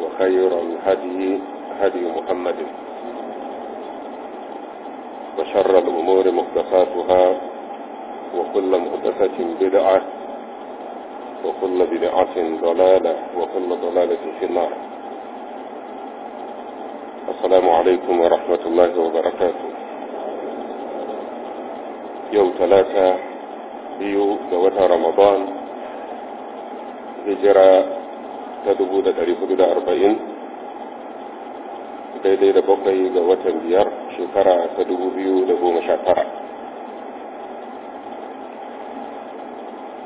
وخير الهدي هدي محمد وشر الأمور محدثاتها وكل محدثة بدعة وكل بدعة ضلالة وكل ضلالة في النار السلام عليكم ورحمة الله وبركاته يوم ثلاثة بيو دوتا رمضان هجرة ta dubu da ɗari hudu da arba'in daidai da bakwai ga watan biyar shekara ta dubu biyu da goma sha tara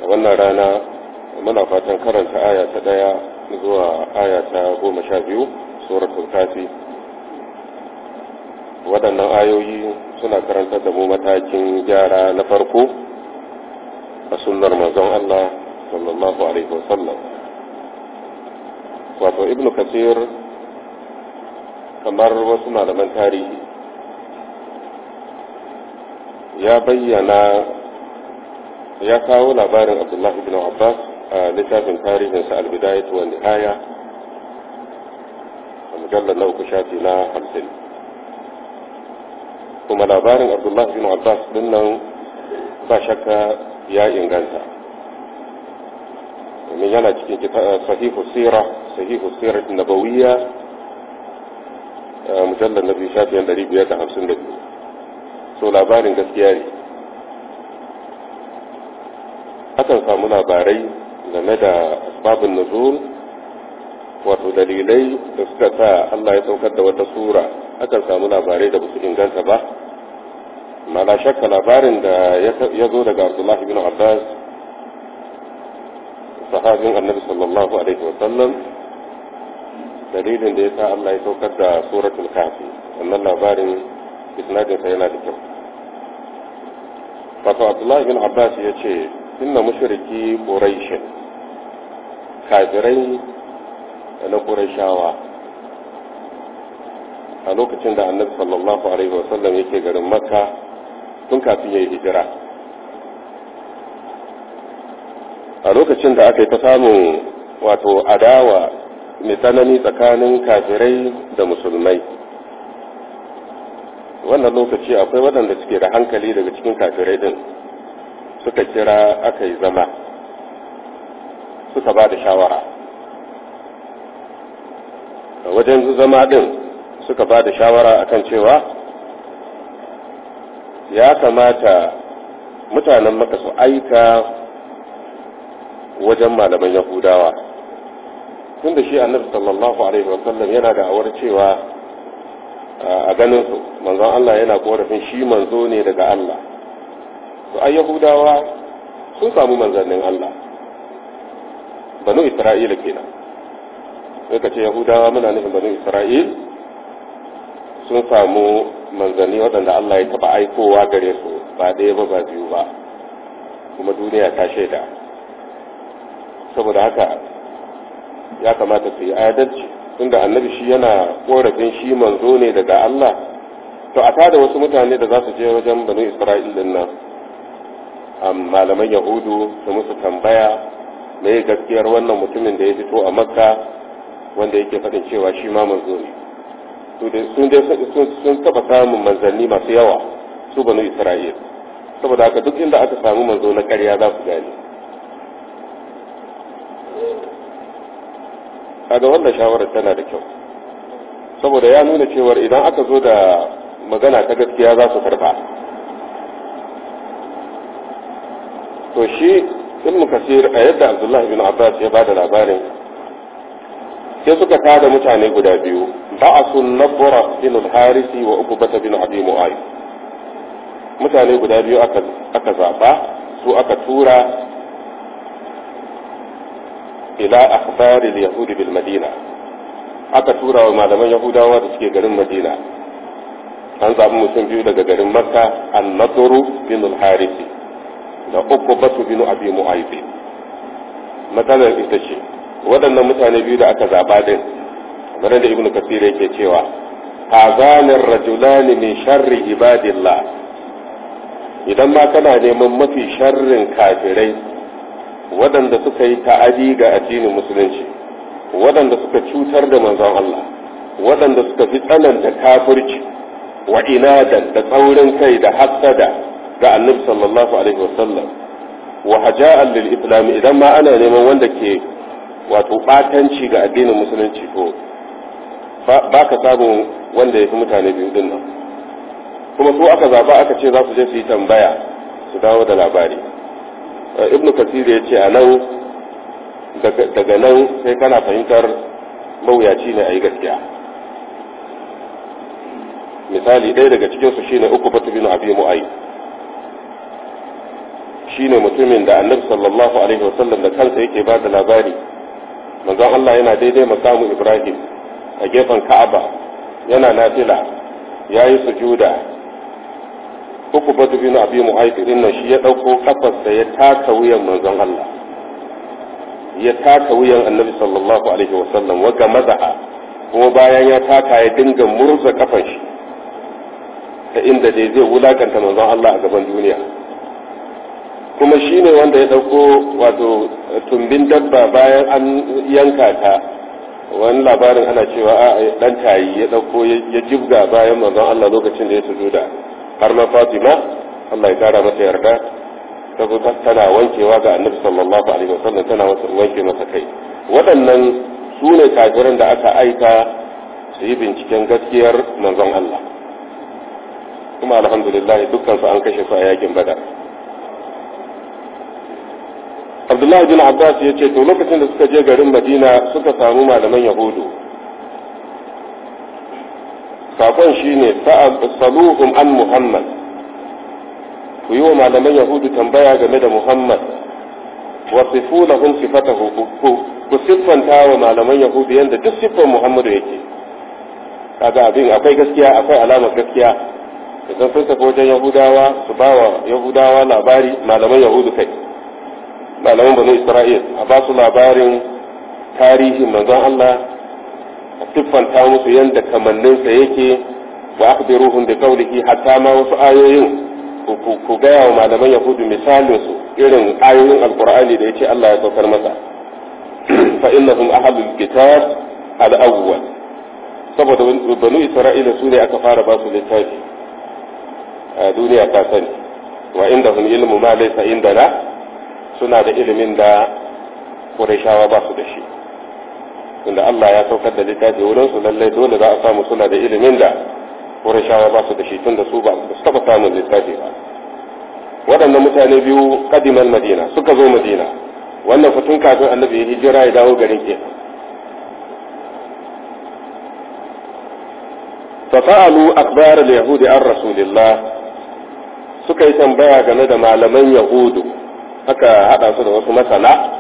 a wannan rana muna fatan karanta aya ta ɗaya zuwa aya ta goma sha biyu suratul kafi waɗannan ayoyi suna karantar da mu matakin gyara na farko a sunar mazan Allah sallallahu alaihi wasallam wato ibnu kasir kamar wasu malaman tarihi ya bayyana ya kawo labarin abdullahi bin abbas a littafin tarihinsa albidayat wa nihaya a mujallar na uku shafi na hamsin kuma labarin abdullahi bin abbas din nan ba shakka ya inganta domin yana cikin sahihu sira sahih usirat nabawiyya mujallal nabi shafiyan 552 so labarin gaskiya ne akan samu labarai game da asbabun nuzul wato dalilai da suka sa Allah ya saukar da wata sura akan samu labarai da basu inganta ba mala shakka labarin da ya zo daga Abdullahi bin Abbas Annabi dalilin da ya sa Allah ya saukar da suratul kafi wannan labarin isnadinsa yana da kyau Fato abdullahi bin abbas ya ce inna mushriki quraish kafirai na qurayshawa a lokacin da annabi sallallahu alaihi wa sallam yake garin makka tun kafin ya yi hijira a lokacin da aka yi ta samun wato adawa mai tsanani tsakanin kafirai da musulmai wannan lokaci akwai waɗanda suke da hankali daga cikin kafirai din suka kira aka yi zama suka ba da shawara wajen zama din suka ba da shawara akan cewa ya kamata mutanen maka su aika wajen malaman yahudawa tunda shi annabi sallallahu alaihi wasallam yana da awar cewa a ganin su manzon Allah yana korafin shi manzo ne daga Allah to ai yahudawa sun samu manzannin Allah banu isra'ila kenan sai ka ce yahudawa muna nufin banu isra'il sun samu manzanni waɗanda Allah ya taɓa aikowa gare su ba ɗaya ba ba biyu ba kuma duniya ta shaida saboda haka ya kamata su yi adalci tunda annabi shi yana korafin shi manzo ne daga Allah to a tada wasu mutane da za su je wajen banu Isra'il din nan malaman Yahudu su musu tambaya me gaskiyar wannan mutumin da ya fito a Makka wanda yake faɗin cewa shi ma manzo ne sun taɓa samun manzanni masu yawa su banu Isra'il saboda haka duk inda aka samu manzo na ƙarya za su gane kaga wannan shawarar tana da kyau saboda ya nuna cewar idan aka zo da magana ta gaskiya za su karba to shi ilmu kasir a yadda abdullahi bin abbas ya bada labarin sai suka tada mutane guda biyu ba'asul nabra bin harisi wa bata bin abi mutane guda biyu aka aka zaba su aka tura ila akhbaril yahudi bil madina aka tura wa malaman yahudawa da suke garin madina an zaɓi mutum biyu daga garin makka an-nadru bin al-harisi da uku basu binu abi mu'aybi matsalar ita ce waɗannan mutane biyu da aka zaɓa din kamar da ibnu kasir yake cewa azanin rajulani min sharri ibadillah idan ma kana neman mafi sharrin kafirai waɗanda suka yi ta'adi ga addinin musulunci waɗanda suka cutar da manzon Allah waɗanda suka fi tsananta kafirci wa inadan da tsaurin kai da hasada ga annabi sallallahu alaihi wasallam wa haja'an lil islam idan ma ana neman wanda ke wato batanci ga addinin musulunci ko ba ka samu wanda ya fi mutane biyu din nan kuma su aka zaba aka ce za su je su yi tambaya su dawo da labari ibnu kasir ya ce a nan daga nan sai kana fahimtar mawuyaci ne a yi gaskiya misali ɗaya daga cikinsu shine uku batu bin abi mu'ayi shine mutumin da annabi sallallahu alaihi wasallam da kansa yake ba da labari manzon Allah yana daidai masamu Ibrahim a gefen Ka'aba yana nafila yayi sujuda uku ba dubi na abi mu'aiki din nan shi ya ɗauko kafarsa ya taka wuyan manzon Allah ya taka wuyan annabi sallallahu alaihi wasallam wa gamazaha kuma bayan ya taka ya dinga murza kafan shi ta inda dai zai wulakanta manzon Allah a gaban duniya kuma shi ne wanda ya ɗauko wato tumbin dabba bayan an yanka ta wani labarin ana cewa a ɗan tayi ya ɗauko ya jibga bayan manzon Allah lokacin da ya sujuda har ma fatima Allah ya kara mata yarda ta tana wankewa ga annabi sallallahu alaihi wasallam tana wanke masa kai waɗannan su ne kafiran da aka aika su yi binciken gaskiyar manzon Allah kuma alhamdulillah dukkan su an kashe su a yakin badar Abdullahi bin Abbas ya ce to lokacin da suka je garin Madina suka samu malaman Yahudu sakon shine saluhum an muhammad ku yi wa malaman yahudu tambaya game da muhammad wa sifu sifata hukuku ku siffanta wa malaman yahudu yadda duk siffar muhammadu yake kaga abin akwai gaskiya akwai alamar gaskiya idan sun tafi wajen yahudawa su ba wa yahudawa labari malaman yahudu kai malaman bani isra'il a ba su labarin tarihin manzon allah siffanta musu yadda kamanninsa yake wa akhbiruhum bi qawlihi hatta ma wasu ayoyin ku gaya wa malaman yahudu misalin su irin ayoyin alqur'ani da yace Allah ya saukar masa fa innahum ahlul kitab al awwal saboda banu isra'ila su ne aka fara ba su littafi a duniya ta sani wa indahum ilmu ma laysa indana suna da ilimin da Qurayshawa ba su da shi tunda Allah ya saukar da littafi wurin su lallai dole za a samu suna da ilimin da Qurayshawa ba su da shi tunda su ba su taba samun littafi ba waɗannan mutane biyu kadiman Madina suka zo Madina wannan fatun kafin Annabi ya hijira ya dawo garin kenan fasa'alu akbar al-yahudi an rasulillah suka yi tambaya game da malaman yahudu aka hada su da wasu masana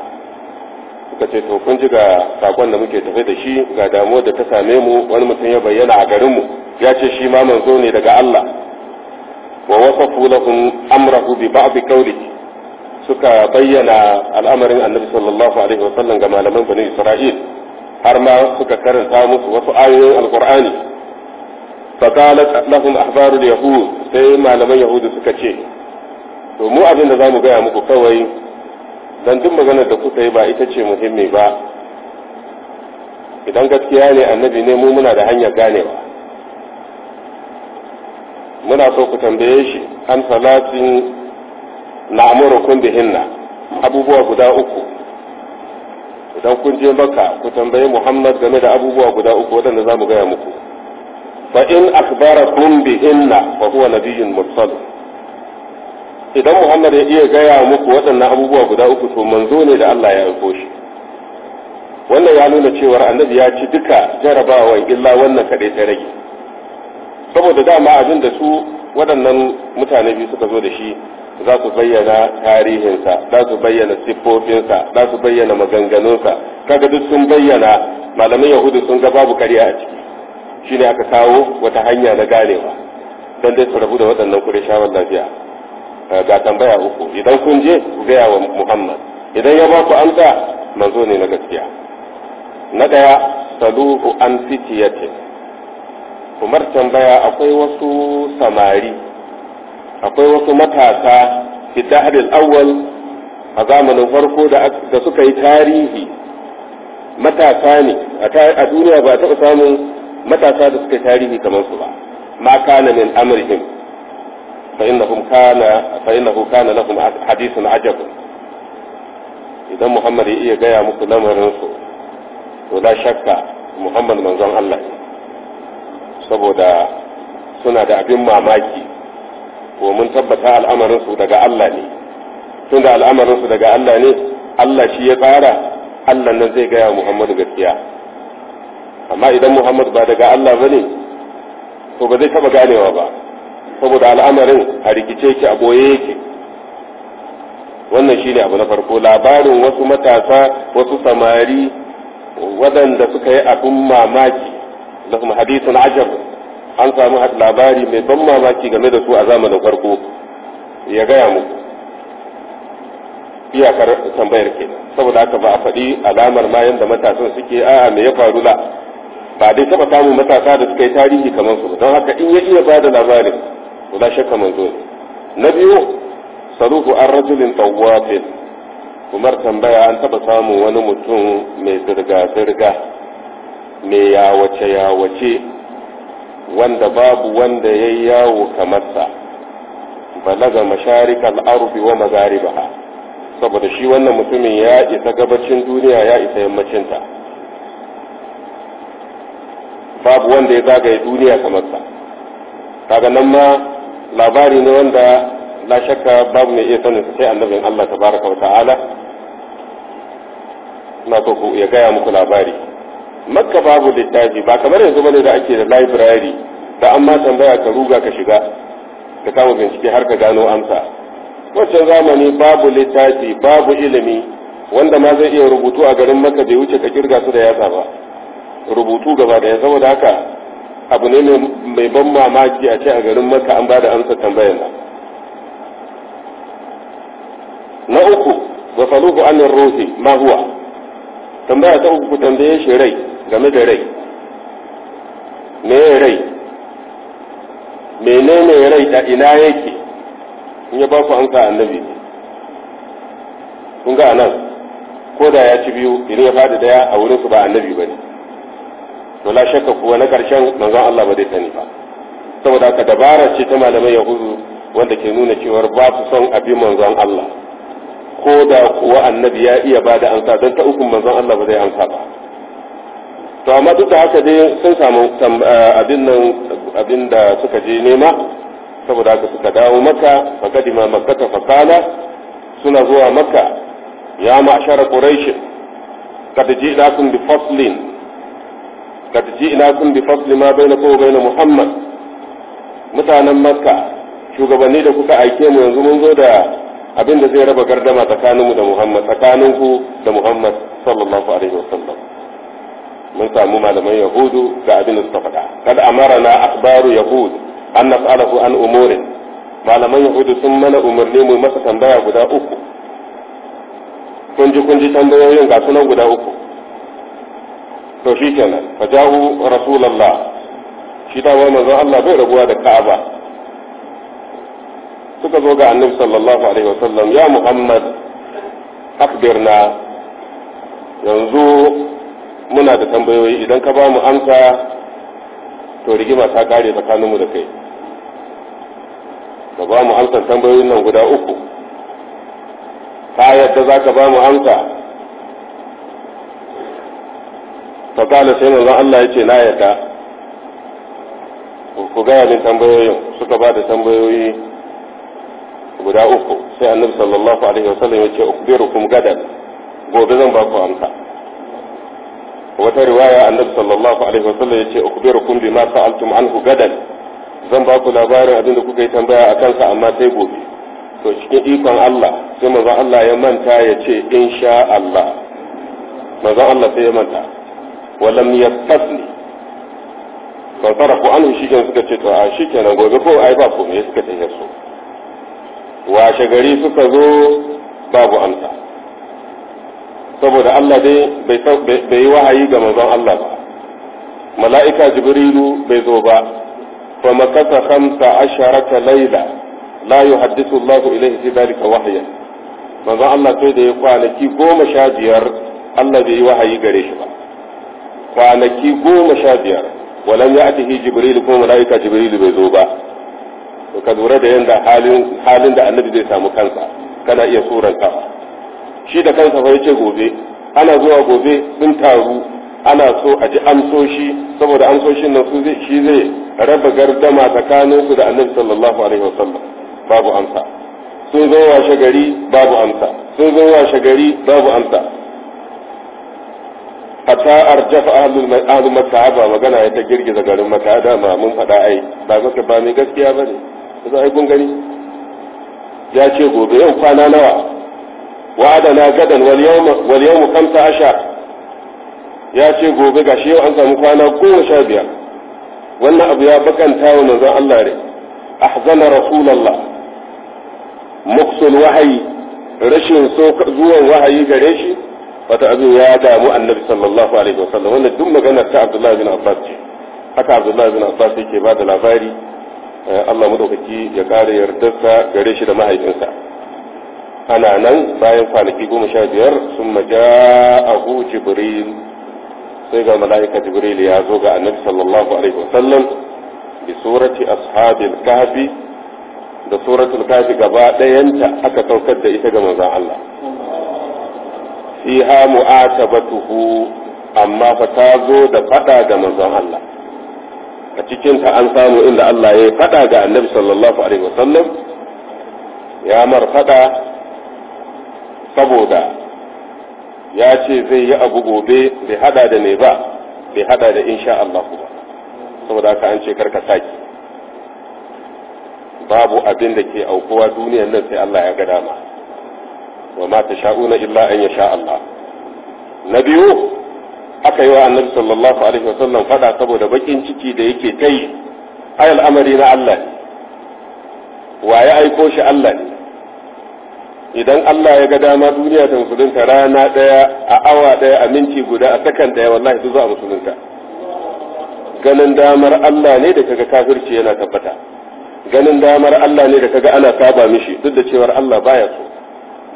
ka ce to kun ji ga sakon da muke tafi da shi ga damuwar da ta same mu wani mutum ya bayyana a garin mu ya ce shi ma manzo ne daga Allah wa wasafu lahum amrahu bi ba'd suka bayyana al'amarin annabi sallallahu alaihi wa sallam ga malaman bani Isra'il har ma suka karanta musu wasu ayoyin alqur'ani faqalat lahum ahbarul yahud sai malaman yahudu suka ce to mu abin da zamu gaya muku kawai don duk maganar da kuka yi ba ita ce muhimmi ba idan gaskiya ne annabi ne mu muna da hanyar ganewa muna so ku tambaye shi an salatin na amurukun bihinna abubuwa guda uku idan kun je maka ku tambayi muhammad game da abubuwa guda uku waɗanda za mu gaya muku fa in bi hinna fa huwa nabiyyun Mursal. idan Muhammad ya iya gaya muku waɗannan abubuwa guda uku to manzo ne da Allah ya aiko shi wannan ya nuna cewa annabi ya ci duka jarabawar illa wannan kaɗai ta rage saboda dama abin da su waɗannan mutane biyu suka zo da shi za su bayyana tarihinsa za su bayyana siffofinsa za su bayyana maganganunsa kaga duk sun bayyana malamai yahudu sun ga babu karya a ciki shine aka kawo wata hanya na ganewa dan dai su rabu da waɗannan kuɗin shawar lafiya Eh, ga tambaya uku idan kun je ku gaya wa muhammad idan ya ba ku amsa manzo ne na gaskiya na daya saluhu an fitiyati kumar tambaya akwai wasu samari akwai wasu matasa fi hadin awwal a zamanin farko da suka yi tarihi matasa ne a duniya ba a taɓa samun matasa da suka yi tarihi kamar su ba ma kana min amrihim فإنهم كان فإنه كان لهم حديث عجب إذا محمد إيه جاء مكلم رنسو ولا شك محمد من زن الله saboda suna da abin mamaki ko mun tabbata al'amarinsu daga Allah ne tun da al'amarinsu daga Allah ne Allah shi ya tsara Allah nan zai gaya Muhammadu gaskiya amma idan Muhammadu ba daga Allah ba ne to ba zai taɓa ganewa ba saboda al'amarin a rikice ki a boye yake wannan shi ne abu na farko labarin wasu matasa wasu samari waɗanda suka yi abin mamaki lahum hadisun ajab an samu labari mai ban mamaki game da su a zamanin farko ya gaya muku iyakar tambayar ke saboda haka ba a faɗi alamar ma yadda matasan suke a mai ya faru la ba dai taba samun matasa da suka yi tarihi kamar su don haka in ya iya ba da labarin la shakka manzo ne na biyu sarufu an rajulin tawafin umar tambaya an taba samun wani mutum mai zirga-zirga mai yawace-yawace wanda babu wanda ya yi yawo kamarsa balaga masharikal arbi wa mazaribaha saboda shi wannan mutumin ya isa gabacin duniya ya isa yammacinta babu wanda ya zagaye duniya kamar sa. kaga nan ma labari ne wanda la shakka babu mai iya sanin sai annabin Allah baraka wa ta'ala na so ku ya gaya muku labari makka babu littafi ba kamar yanzu bane da ake da library da an ma tambaya ka ruga ka shiga ka samu bincike har ka gano amsa wancan zamani babu littafi babu ilimi wanda ma zai iya rubutu a garin makka bai wuce ka kirga su da yasa ba rubutu gaba da saboda haka abu ne mai ban mamaki a ce a garin maka an ba da amsa tambayar nan na uku wa faluhu anin ruhi ma huwa tambaya ta uku ku tambaye shi rai game da rai me rai menene rai da ina yake in ya ba ku an ka annabi kun ga anan ko da ya ci biyu idan ya fadi daya a wurin su ba annabi bane to shakka kuwa na karshen manzon Allah ba zai sani ba saboda haka dabara ce ta malamai yahudu wanda ke nuna cewa ba su son abin manzon Allah ko da kuwa annabi ya iya ba da amsa don ta uku manzon Allah ba zai amsa ba to amma duk da haka dai sun samu eh, abin nan abin da suka je nema saboda haka suka dawo maka fakadima makkata fakala suna zuwa maka ya ma'ashara quraish kad ji'nakum bi faslin ka tafi ina kun bi fasli ma bai na kowa bai na muhammad mutanen makka shugabanni da kuka aike mu yanzu mun zo da abin da zai raba gardama tsakaninku da muhammad tsakaninku da muhammad sallallahu alaihi wa sallam mun samu malaman yahudu da abin da suka faɗa kada na akhbaru yahud an nas'alahu an umurin malaman yahudu sun mana umurni mu masa tambaya guda uku kunji-kunji kun ji tambayoyin ga sunan guda uku to shi kenan fa ja'u rasulullah shi da wani manzon Allah bai rabuwa da Ka'aba suka zo ga Annabi sallallahu alaihi wasallam ya Muhammad akbirna yanzu muna da tambayoyi idan ka ba mu amsa to rigima ta kare tsakaninmu da kai ka ba mu amsa tambayoyin nan guda uku ta yadda za ka ba mu amsa fa sai manzon Allah yace na yarda ku gaya ni tambayoyin suka ba da tambayoyi guda uku sai annabi sallallahu alaihi wasallam yace kum gadan gobe zan ba ku amsa wata riwaya annabi sallallahu alaihi wasallam yace ukhbirukum bima sa'altum anhu gadan zan ba ku labarin abin da kuka yi tambaya a kansa amma sai gobe to cikin ikon Allah sai manzon Allah ya manta ya ce insha Allah manzon Allah sai ya manta walam yastasni fa sarafu anhu shikenan suka ce to a shikenan gobe ko ai ba me suka tafi su washe gari suka zo babu amsa saboda Allah dai bai yi wahayi ga manzon Allah ba mala'ika jibrilu bai zo ba fa makasa khamsa asharata layla la yuhaddithu Allah ilayhi fi dhalika wahya manzon Allah sai da ya kwanaki goma sha biyar Allah bai yi wahayi gare shi ba kwanaki goma sha biyar walam ya atihi jibril kuma malaika jibril bai zo ba to ka lura da yanda halin da annabi zai samu kansa kana iya ka. shi da kansa fa yace gobe ana zuwa gobe sun taru ana so a ji amsoshi saboda amsoshin nan zai shi zai raba gardama tsakanin su da annabi sallallahu alaihi wasallam babu amsa sun zo washe gari babu amsa sun zo washe gari babu amsa hatta arjafa ahlul makka ba magana ya ta girgiza garin makka ma mun faɗa ai ba maka ba mai gaskiya bane za ai kun gani ya ce gobe yau kwana nawa wa'adana gadan wal yawma wal yawmu 15 ya ce gobe gashi yau an samu kwana goma sha biyar wannan abu ya bakanta wa manzon Allah ne ahzana rasulullah muksul wahayi rashin so zuwan wahayi gare shi wata abin ya damu annabi sallallahu alaihi wasallam wannan duk maganar ta abdullahi bin abbas ce haka abdullahi bin abbas yake ba da labari eh, Allah madaukaki ya kare yardarsa gare shi da mahaifinsa ana nan bayan kwanaki goma sha biyar sun maja'ahu jibril sai ga mala'ika jibril ya zo ga annabi sallallahu alaihi wasallam bi surati ashabil kahfi da suratul kahfi gaba ɗayanta aka saukar da ita ga manzon Allah ba mu'atabatuhu amma fa ta zo da fada da manzon Allah a cikin an samu inda Allah ya fada ga Annabi sallallahu alaihi wasallam ya mar fada saboda ya ce zai yi abu gobe bai hada da mai ba bai hada da insha Allah ba saboda haka an ce karka saki babu abin da ke aukuwa duniyar nan sai Allah ya ga dama wa ma sha'una illa an yasha Allah na biyu aka yi wa annabi sallallahu alaihi wasallam fada saboda bakin ciki da yake kai ai al'amari na Allah ne wa ya aiko shi Allah ne idan Allah ya ga dama duniya ta musulunta rana ɗaya a awa ɗaya a minti guda a sakan ɗaya wallahi duk za a musulunta ganin damar Allah ne da kaga kafirci yana tabbata ganin damar Allah ne da kaga ana saba mishi duk da cewar Allah baya so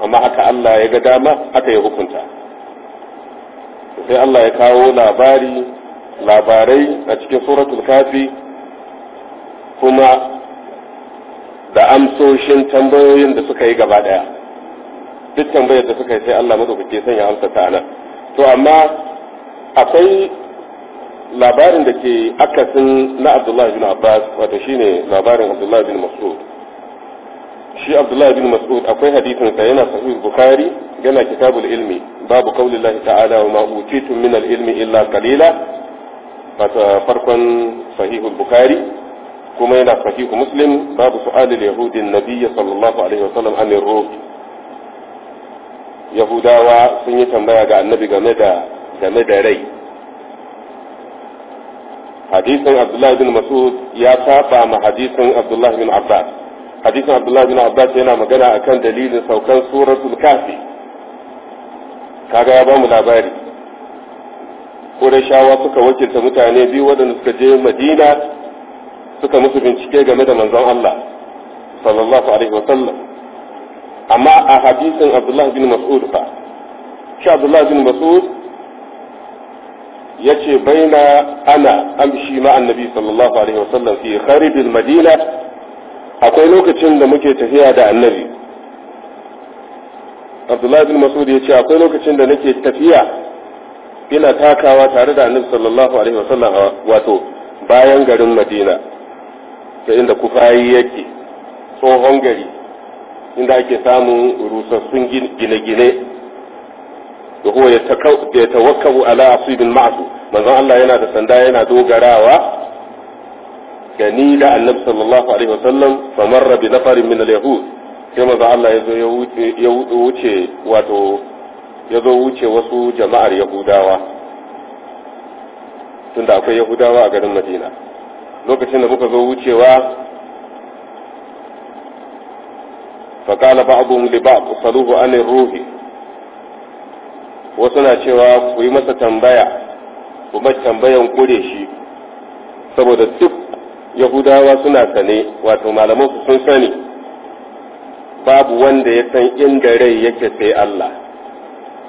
amma haka Allah ya ga dama haka ya hukunta sai Allah ya kawo labari labarai a cikin suratul kafi kuma da amsoshin tambayoyin da suka yi gaba daya duk tambayar da suka yi sai Allah madaukake sanya amsa ta nan to amma akwai labarin da ke akasin na Abdullahi bin Abbas wato shine labarin Abdullahi bin Mas'ud shi abdullahi bin mas'ud akwai hadisin sa yana sahih bukhari yana kitabul ilmi babu qaulillahi ta'ala wa ma utitum min al-ilmi illa qalila fata farkon sahih bukhari kuma yana sahih muslim babu su'alil yahudi nabiyyi sallallahu alaihi wasallam an ruh yahudawa sun yi tambaya ga annabi game da game da rai hadisin abdullahi bin mas'ud ya saba ma hadisin abdullahi bin abbas hadisin abdullahi bin abbas yana magana akan dalilin saukan suratul kafi kaga ya bamu labari shawa suka wakilta mutane biyu waɗanda suka je madina suka musu bincike game da manzon Allah sallallahu alaihi wasallam amma a hadisin abdullahi bin mas'ud fa shi abdullahi bin mas'ud ya ce baina ana amshi ma annabi sallallahu alaihi wasallam fi kharibil madina akwai lokacin da muke tafiya da annabi abdullahi bin masud ya ce akwai lokacin da nake tafiya ina takawa tare da annabi sallallahu alaihi wasallam wato bayan garin madina ta inda kufayi yake tsohon gari inda ake samun rusassun gine-gine da ya tawakkabu ala asibin ma'asu manzon Allah yana da sanda yana dogarawa gani da annabi sallallahu alaihi wasallam fa marra bi nafarin min al-yahud sai manzo Allah ya zo ya wuce wato ya zo wuce wasu jama'ar yahudawa tunda akwai yahudawa a garin Madina lokacin da muka zo wucewa fa qala ba'dhum li ba'd saluhu an ruhi wasu na cewa ku yi masa tambaya ku mai tambayan shi saboda duk yahudawa suna sane wato malaman su sun sani babu wanda ya san inda rai yake sai Allah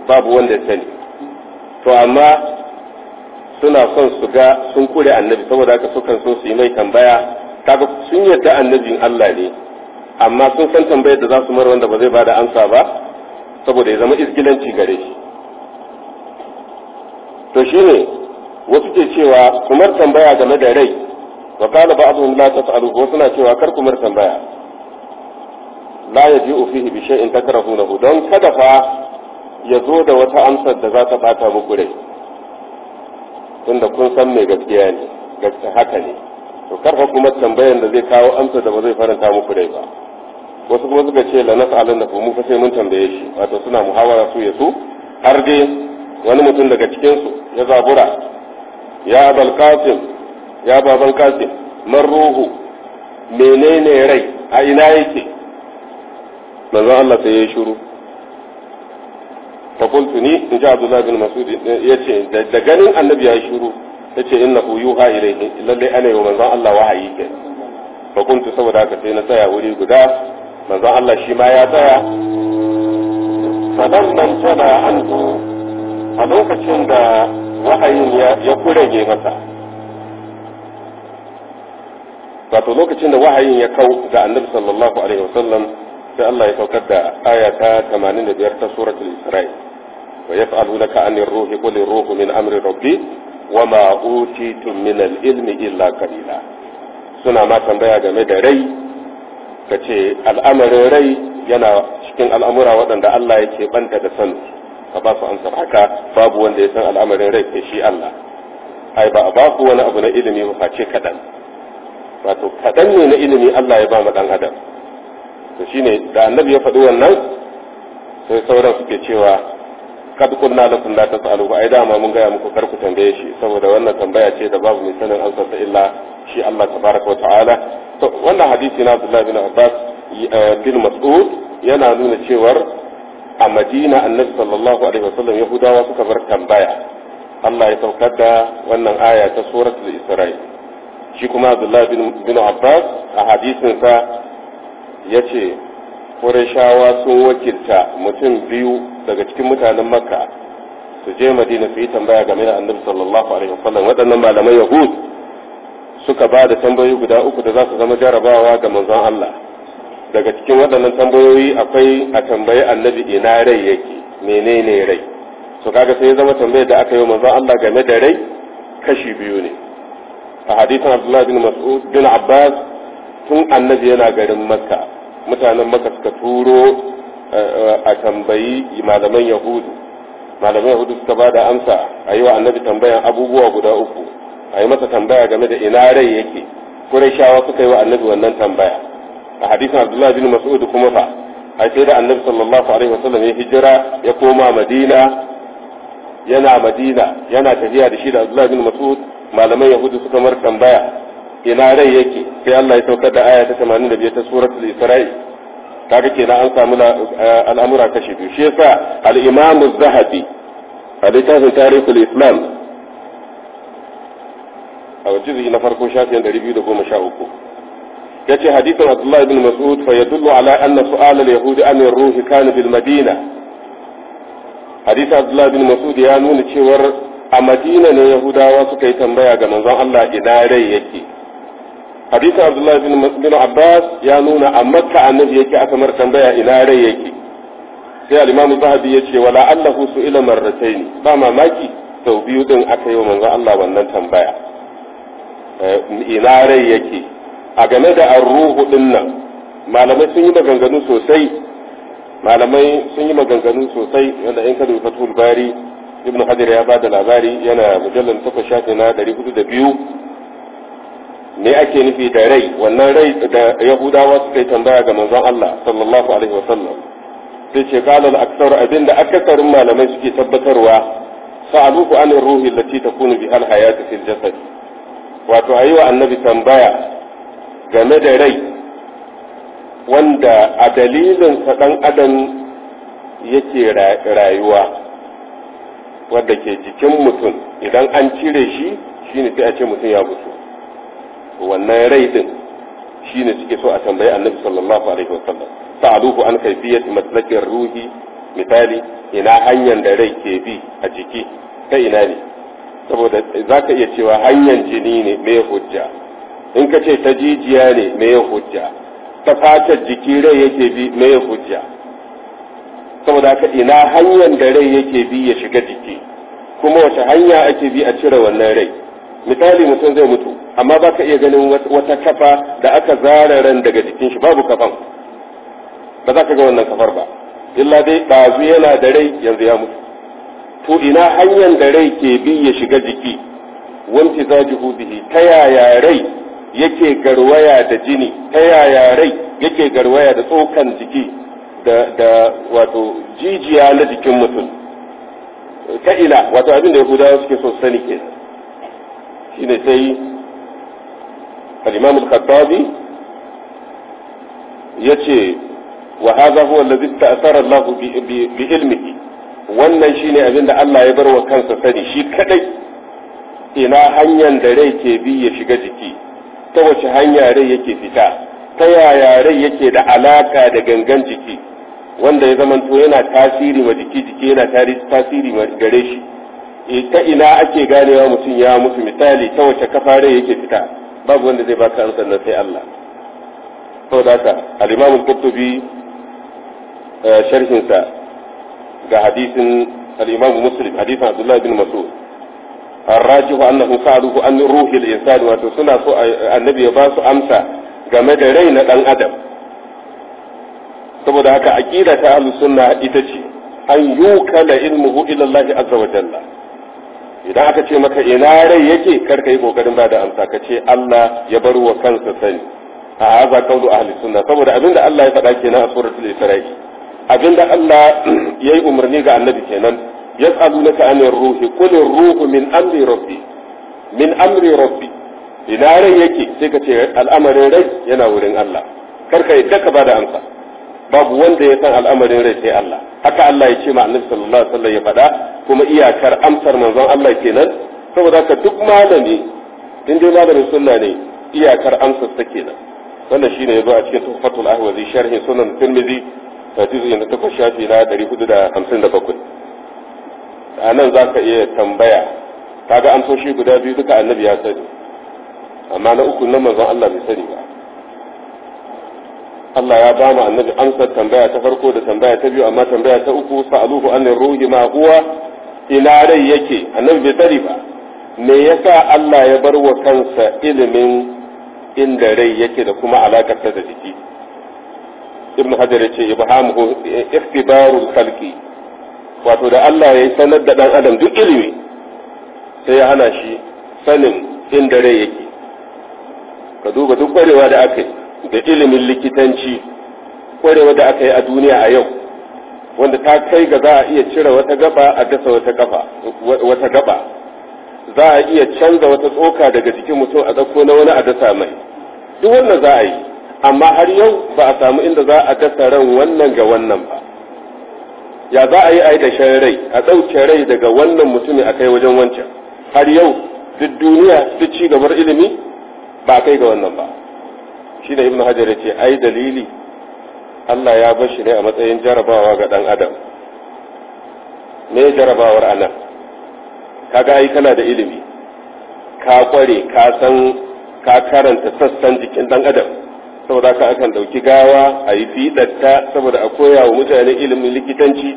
babu wanda ya sani to amma suna son su ga sun kure annabi saboda haka sukan so su yi mai tambaya kaga sun yarda annabin Allah ne amma sun san tambayar da za su mar wanda ba zai bada amsa ba saboda ya zama isgilanci gare shi to shine wasu ke cewa kumar tambaya game da rai wa ba abu la tas'alu wa suna cewa kar ku mar tambaya la yaji'u fihi bi shay'in takrahunahu don kada fa ya zo da wata amsar da za ta bata muku rai tunda kun san me gaskiya ne gaskiya haka ne to kar fa kuma tambayan da zai kawo amsar da ba zai faranta muku rai ba wasu kuma suka ce la nas'alun da mu fa sai mun tambaye shi wato suna muhawara su ya su har dai wani mutum daga cikin su ya zabura ya abul qasim ya baban kasim man ruhu menene rai a ina yake manzon Allah sai ya shiru fa kuntu ni in ji Abdullah bin Mas'ud yace da ganin annabi ya shiru yace hu yuha ilayhi lalle ana yau manzon Allah wahayi ke fa kuntu saboda haka sai na tsaya wuri guda manzon Allah shi ma ya tsaya fadan man tana a lokacin da wahayin ya kurege masa wato lokacin da wahayin ya kau ga annabi sallallahu alaihi wasallam sai Allah ya saukar da aya ta 85 ta suratul isra'il wa yas'alunaka anir ruhi qul ruhu min amri rabbi wama utitum min al-ilmi illa qalila suna ma tambaya game da rai kace al'amarin rai yana cikin al'amura waɗanda Allah yake banta da san ka ba su amsar haka babu wanda ya san al'amarin rai sai shi Allah ai ba a ba ku wani abu na ilimi ba face kaɗan wato kaɗan ne na ilimi Allah ya ba mu ɗan adam to shine da annabi ya faɗi wannan sai sauran suke cewa kad kunna ta su tasalu ai dama mun gaya muku kar ku tambaye shi saboda wannan tambaya ce da babu mai sanin ansa ta illa shi Allah tabaraka wa ta'ala to wannan hadisi na Abdullah bin Abbas eh, bin Mas'ud yana nuna cewar a Madina Annabi sallallahu alaihi wasallam Yahudawa suka bar tambaya Allah ya saukar da wannan aya ta suratul Isra'il shi kuma abdullahi bin abbas a hadisinsa ya ce ƙurashawa sun wakilta mutum biyu daga cikin mutanen makka su je madina su yi tambaya game da annabi sallallahu alaihi wasallam waɗannan ya yahud suka ba da tambayoyi guda uku da za su zama jarabawa ga manzon Allah daga cikin waɗannan tambayoyi akwai a tambayi annabi ina rai yake menene rai su kaga sai ya zama tambayar da aka yi manzon Allah game da rai kashi biyu ne a hadisan abdullahi bin mas'ud bin abbas tun annabi yana garin makka mutanen makka suka turo a tambayi malaman yahudu malaman yahudu suka ba da amsa a yi wa annabi tambayan abubuwa guda uku a yi masa tambaya game da ina rai yake shawa suka yi wa annabi wannan tambaya a hadisan abdullahi bin mas'ud kuma fa a sai da annabi sallallahu alaihi wasallam ya hijira ya koma madina yana madina yana tafiya da shi da abdullahi bin mas'ud malaman yahudu suka mar tambaya ina rai yake sai Allah ya saukar da aya ta 85 ta suratul isra'i kaga kenan an samu al'amura kashi biyu shi yasa al-imam az-zahabi a littafin tarihul islam a wajibi na farko shafin 213 yace hadithan abdullahi ibn mas'ud fa yadullu ala anna su'al al-yahud an ar-ruh kana bil madina hadith abdullahi ibn mas'ud ya nuna cewar a madina ne yahudawa suka yi tambaya ga manzon Allah ina rai yake hadisi abdullahi bin abbas ya nuna a makka annabi yake aka mar tambaya ina rai yake sai al-imam zahabi ya ce wala allahu su'ila marratayn ba mamaki sau biyu din aka yi wa manzon Allah wannan tambaya eh, ina rai yake a game da ar-ruhu nan malamai sun yi maganganu sosai malamai sun yi maganganu sosai wanda in ka dubi fatul bari ibn hajar ya ba da labari yana mujallar takwas shafi na ɗari hudu da biyu me ake nufi da rai wannan rai da yahudawa suka yi tambaya ga manzon Allah sallallahu alaihi wasallam sai ce qala al aktsar abin da akasarin malamai suke tabbatarwa sa'aluhu an ruhi allati takunu bi al hayat fil jasad wato ayi wa annabi tambaya game da rai wanda a dalilin sa dan adam yake rayuwa wadda ke jikin mutum idan an cire shi shi ne sai a ce mutum ya mutu wannan rai din shi ne suke so a tambayi annabi sallallahu alaihi wasallam sa'aluhu an kayfiyati maslakir ruhi misali ina hanyar da rai ke bi a jiki ta ina ne saboda zaka iya cewa hanyar jini ne mai hujja in ka ce ta jijiya ne mai hujja ta fatar jiki rai yake bi mai hujja saboda haka ina hanyar da rai yake bi ya shiga jiki kuma wace hanya ake bi a cire wannan rai misali mutum zai mutu amma ba ka iya ganin wata kafa da aka zara ran daga jikin shi babu kafan ba za ka ga wannan kafar ba illa dai ɗazu yana da rai yanzu ya mutu to ina hanyar da rai ke bi ya shiga jiki wanti za bihi ta yaya rai yake garwaya da jini ta yaya rai yake garwaya da tsokan jiki da wato jijiya na jikin mutum ta ila wato abin da yahudawa suke so sani ke shine sai al-imam al-khattabi yace wa hadha huwa alladhi ta'athara Allah bi ilmihi wannan shine abin da Allah ya bar wa kansa sani shi kadai ina hanyar da rai ke bi ya shiga jiki ta wace hanya rai yake fita ta yaya rai yake da alaka da gangan jiki wanda ya to yana tasiri ma jiki jiki yana tasiri gare shi eh, ta ina ake ganewa mutum ya mutu misali ta wace kafare yake fita babu wanda zai baka amsar nan sai Allah da haka al-Imam al-Qurtubi eh, sharhin sa ga hadisin al-Imam Muslim hadisin Abdullah bin Mas'ud الراجح أنه فعله أن روح الإنسان وتسنى النبي su أمسى game da rai na adam saboda haka aqida ta ahlus sunna ita ce an yukala ilmuhu ila Allah azza wa jalla idan aka ce maka ina rai yake karka yi kokarin ba da amsa ka ce Allah ya bar wa kansa sani a haza kaulu ahli sunna saboda abinda Allah ya faɗa kenan a suratul isra'i abinda Allah yayi umarni ga annabi kenan yas'alunaka anir ruhi qul ruhu min amri rabbi min amri rabbi ina rai yake sai ka ce al'amarin rai yana wurin Allah karka yi daka ba da amsa babu wanda ya san al'amarin rai sai Allah haka Allah ya ce ma annabi sallallahu alaihi wasallam ya faɗa kuma iyakar amsar manzon Allah kenan saboda haka duk malami in dai malamin sunna ne iyakar amsar ta kenan wannan shine yazo a cikin tuhfatul ahwazi sharhi sunan tirmidhi fatizu yana ta shafi na 457 a nan za ka iya tambaya kaga amsoshi guda biyu duka annabi ya sani amma na uku nan manzon Allah bai sani ba Allah ya ba mu annabi amsar tambaya ta farko da tambaya ta biyu amma tambaya ta uku al'uhu an ruhi ma huwa ina rai yake annabi bai sani ba me yasa Allah ya bar wa kansa ilimin inda rai yake da kuma alakar ta da jiki ibn hajar ya ce ibhamuhu ikhtibarul khalqi wato da Allah ya sanar da dan adam duk ilimi sai ya hana shi sanin inda rai yake ka duba duk kwarewa da aka yi da ilimin likitanci kwarewa da aka yi a duniya a yau wanda ta kai ga za a iya cire wata gaba a dasa wata gaba wata gaba za a iya canza wata tsoka daga jikin mutum a dauko na wani a dasa mai duk wannan za a yi amma har yau ba a samu inda za a dasa ran wannan ga wannan ba ya za a yi a dashen rai a ɗauke rai daga wannan mutumin a kai wajen wancan har yau duk duniya duk ci gabar ilimi ba kai ga wannan ba shi da ibn hajar yace ce ai dalili Allah ya bar ne a matsayin jarabawa ga dan adam me jarabawar anan kaga ai kana da ilimi ka kware ka san ka karanta sassan jikin dan adam saboda ka akan dauki gawa a yi fidatta saboda a koya wa mutane ilimin likitanci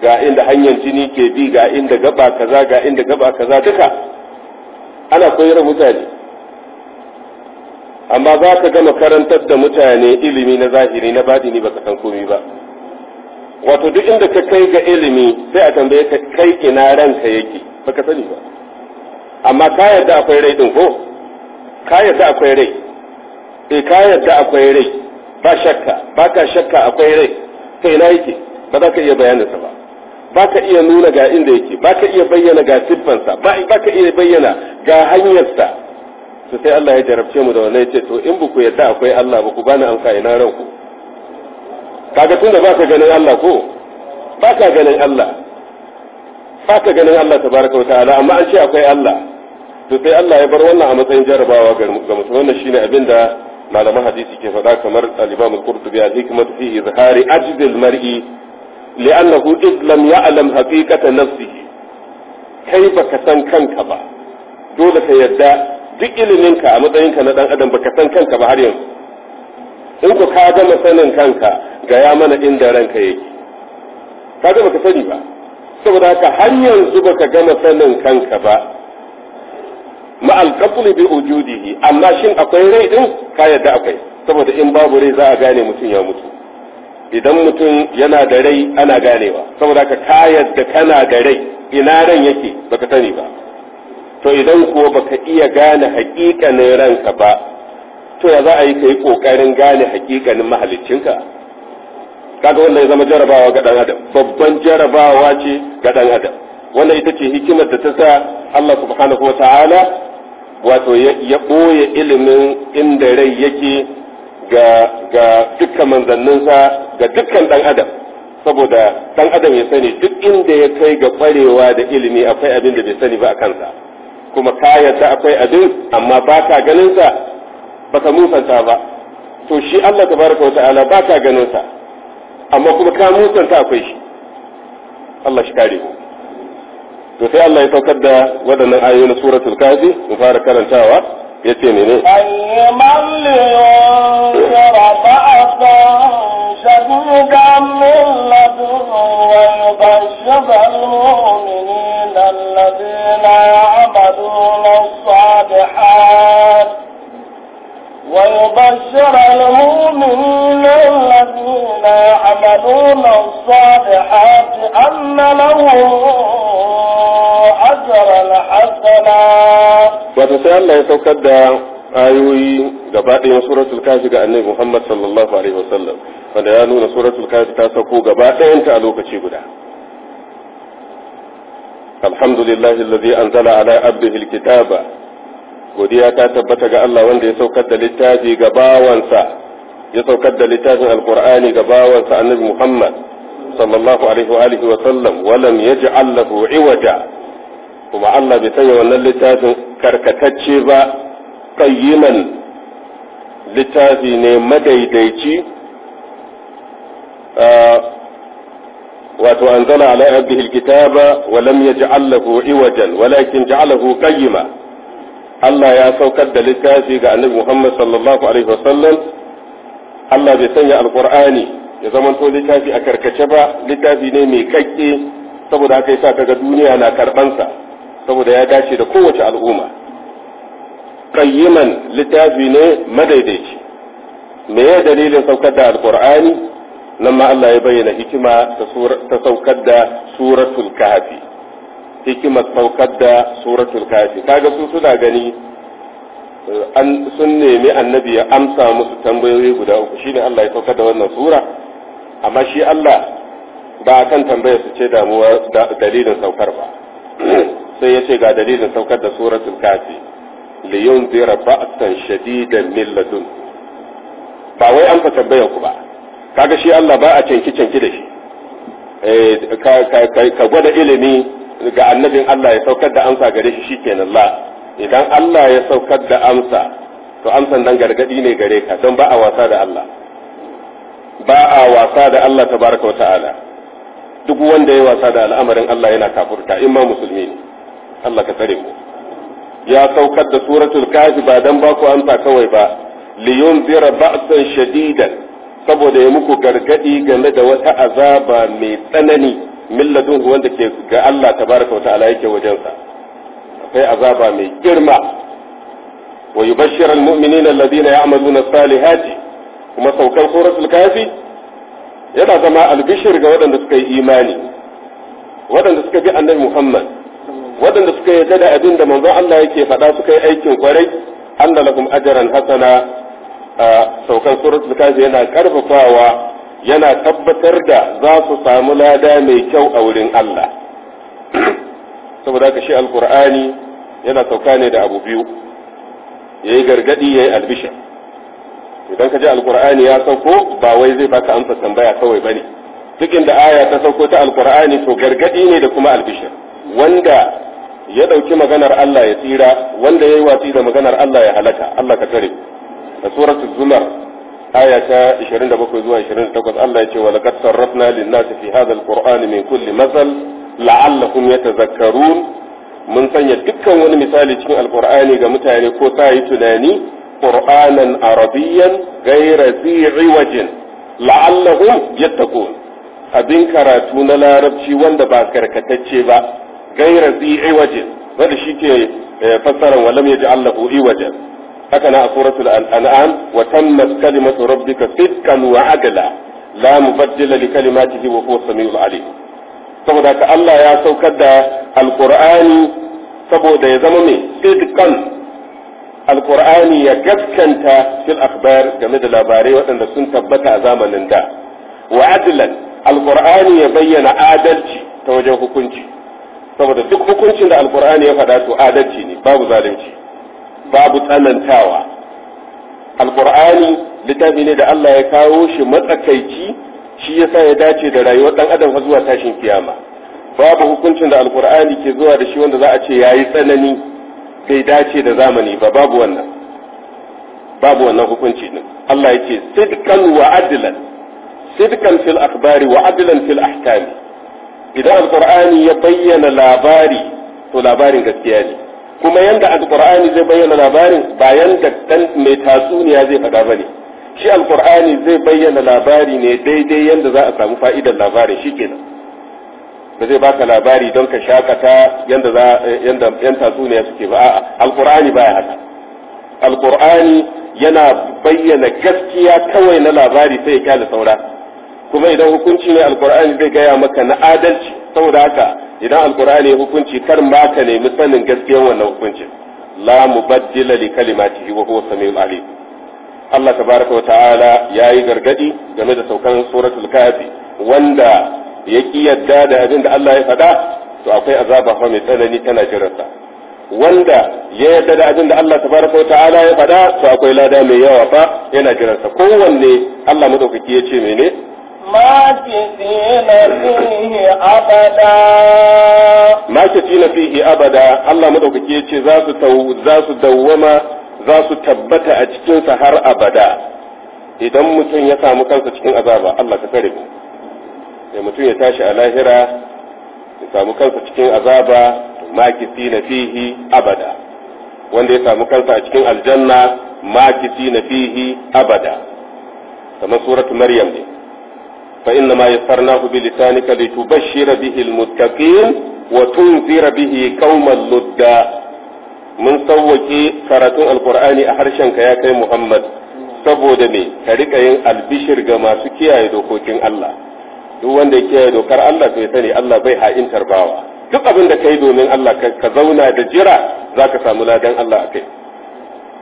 ga inda hanyar jini ke bi ga inda gaba kaza ga inda gaba kaza duka ana koyar mutane amma za ka gama karantar da mutane ilimi na zahiri na badini ka san komai ba wato duk inda ka kai ga ilimi sai a tambaye ka kai ina ranka yake baka sani ba amma ka yadda akwai rai din ko ka yadda akwai rai eh ka yadda akwai rai ba shakka ba ka shakka akwai rai kai ina yake ba za ka iya bayanin sa ba ba ka iya nuna ga inda yake ba ka iya bayyana ga siffansa ba ka iya bayyana ga hanyarsa to sai Allah ya jarabce mu da wannan ce to in buku yadda akwai Allah ba ku bani amsa ina ranku kaga tunda ba ka ganin Allah ko ba ka ganin Allah ba ka ganin Allah tabaraka wa ta'ala amma an ce akwai Allah to sai Allah ya bar wannan a matsayin jarabawa ga mutum wannan shine abin da malaman hadisi ke faɗa kamar al-Imam al-Qurtubi al-hikmatu fi izhari ajd al-mar'i li'annahu id lam ya'lam haqiqata nafsihi kai baka san kanka ba dole ka yadda duk iliminka a matsayinka na dan adam baka san kanka ba har yanzu in ku ka gama sanin kanka ga ya mana inda ranka yake ka gama ka sani ba saboda haka har yanzu baka gama sanin kanka ba ma alqatl bi wujudihi amma shin akwai rai din ka yadda akwai saboda in babu rai za a gane mutum ya mutu idan mutum yana da rai ana ganewa saboda haka ka yadda kana da rai ina ran yake baka sani ba to idan kuwa baka iya gane haƙiƙanin ranka ba to ya za a yi ka yi ƙoƙarin gane haƙiƙanin mahalicinka kaga wannan ya zama jarabawa ga ɗan adam babban jarabawa ce ga ɗan adam wannan ita ce hikimar da ta sa Allah subhanahu wata'ala ta'ala wato ya boye ilimin inda rai yake ga dukkan manzanninsa ga dukkan ɗan adam saboda ɗan adam ya sani duk inda ya kai ga ƙwarewa da ilimi akwai abin da bai sani ba a kansa kuma ka akwai abin amma ba ka ganin sa ba ka musanta ba to shi Allah tabaraka wata'ala ba ka ganin sa amma kuma ka musanta akwai shi Allah shi kare mu to sai Allah ya saukar da waɗannan ayoyi na suratul kafi mu fara karantawa yace menene ayyaman liyunsara ba'atan شديدا من لدن ويبشر معشر المؤمنين الذين عملون الصالحات أن لهم أجرا حسنا. وتسأل الله يتوكد آيوي قبائي سورة الكافي قال محمد صلى الله عليه وسلم فليانون سورة الكافي تاسقوا قبائي انت ألوك تشيبنا الحمد لله الذي أنزل على أبه الكتاب godiya ta tabbata ga Allah wanda ya saukar da littafi ga bawansa ya saukar da littafin alqur'ani ga bawansa annabi Muhammad sallallahu alaihi wa alihi wa sallam wa lam yaj'al lahu iwaja kuma Allah bai sanya wannan littafin karkatacce ba qayyiman littafi ne madaidaici ah, wato anzala ala abdihi alkitaba wa lam yaj'al lahu iwajan walakin ja'alahu qayyima Allah ya saukar da littafi ga annabi Muhammad sallallahu alaihi wasallam Allah bai sanya alqur'ani ya zamanto littafi a karkace ba littafi ne mai kakke saboda haka yasa kaga duniya na sa saboda ya dace da kowace al'umma qayyiman littafi ne madaidaici me ya dalilin saukar da alqur'ani nan ma Allah ya bayyana hikima ta saukar da suratul kahfi hikimar saukar da suratul kafi kaga su suna gani eh, sun nemi annabi ya amsa musu tambayoyi guda uku shine Allah ya saukar da wannan sura amma shi Allah ba kan tambayar su ce damuwa dalilin saukar ba sai ya ce ga dalilin saukar da suratul kafi li yunzira ba'san shadidan min ladun ba wai an fa tambayar ku ba kaga shi Allah ba a cinki canki da shi eh, ka gwada ilimi ga annabin Allah ya saukar da amsa gare shi shikenan la idan Allah ya saukar da amsa to amsan nan gargadi ne gare ka don ba a wasa da Allah ba a wasa da Allah tabaraka ta'ala duk wanda ya wasa da al'amarin Allah yana kafurta in ma musulmi ne Allah ka tsare mu ya saukar da suratul kafi ba dan ba ku amsa kawai ba liyunzira ba'san shadidan saboda ya muku gargadi game da wata azaba mai tsanani milladun wanda ke ga Allah tabaraka wata'ala yake wajensa akwai azaba mai girma wa yubashshiru almu'minina alladhina ya'maluna salihati kuma saukar suratul kafi yana zama albishir ga waɗanda suka yi imani waɗanda suka bi annabi Muhammad waɗanda suka yarda da abin da manzon Allah yake faɗa suka yi aikin kwarai anna lahum ajran hasana saukar suratul kafi yana karfafawa yana tabbatar da za su samu lada mai kyau a wurin Allah saboda ka shi alkur'ani yana sauka ne da abu biyu ya yi gargadi ya yi albishir idan ka ji alkur'ani ya sauko ba wai zai baka amsa tambaya kawai bane duk inda aya ta sauko ta alkur'ani to gargadi ne da kuma albishir wanda ya dauki maganar Allah ya tsira wanda ya yi watsi da maganar Allah ya halaka Allah ka tare a suratul zumar aya ta 27 zuwa 28 Allah ya ce wa laqad sarrafna lin-nasi fi hadha al-qur'ani min kulli masal la'allahum yatadhakkarun mun sanya dukkan wani misali cikin alqur'ani ga mutane ko ta yi tunani qur'anan arabiyyan ghayra zi'i wajin la'allahum yattaqun abin karatu na larabci wanda ba karkatacce ba ghayra zi'i wajin wanda shi ke fassaran walam yaj'al lahu iwajan haka na a suratul an'am wa tammat kalimatu rabbika sidqan wa adla la mubaddila li kalimatihi wa huwa samiul alim saboda ka Allah ya saukar da alqur'ani saboda ya zama mai sidqan alqur'ani ya gaskanta fil akhbar game da labarai waɗanda sun tabbata a zamanin da wa adlan alqur'ani ya bayyana adalci ta wajen hukunci saboda duk hukuncin da alkur'ani ya faɗa to adalci ne babu zalunci babu tsanantawa alƙur'ani littafi ne da Allah ya kawo shi matsakaici shi yasa ya dace da rayuwar dan adam zuwa tashin kiyama babu hukuncin da alqur'ani ke zuwa da shi wanda za a ce yayi tsanani bai dace da zamani ba babu wannan babu wannan hukunci Allah yake sidqan wa adlan sidkan fil akhbari wa fil ahkami idan alƙur'ani ya bayyana labari to labarin gaskiya ne kuma yanda alqur'ani zai bayyana labarin ba yanda dan mai tatsuniya zai faɗa ne shi alqur'ani zai bayyana labari ne daidai yanda za a samu fa'idar labarin shikenan ba zai baka labari don ka shakata yanda za yanda yan tatsuniya suke ba a'a alqur'ani baya haka alqur'ani yana bayyana gaskiya kawai na labari sai ya kyale saura kuma idan hukunci ne alqur'ani zai gaya maka na adalci saboda haka idan alqur'ani ya hukunci kar ma ka nemi sanin gaskiyar wannan hukuncin la mubaddila li kalimatihi wa huwa samiul alim Allah tabaaraka wa ta'ala yayi gargadi game da saukan suratul kafi wanda ya yadda da abin da Allah ya faɗa to akwai azaba fa mai tsanani tana jiransa wanda ya yarda da abin da Allah tabaaraka ta'ala ya faɗa to akwai lada mai yawa fa yana jiransa kowanne Allah madaukaki ya ce mene abada. فيه أبدا ماكثين فيه أبدا الله ce za su دو za su tabbata a cikinsa har abada. idan mutum ya samu kansa cikin azaba Allah ka tsare mu mutum ya tashi a lahira ya samu kansa cikin azaba makisi na fihi abada wanda ya samu kansa a cikin aljanna makisi na fihi abada kamar suratul maryam ne فإنما يسرناه بلسانك لتبشر به المتقين وتنذر به قوما لدا من سوكي كراتون القرآن أحرشا كيا محمد saboda me ka rika yin albishir ga masu kiyaye dokokin Allah duk wanda ya kiyaye dokar Allah to ya sani Allah bai ha'intar bawa duk abin da kai domin Allah ka zauna da jira zaka samu ladan Allah akai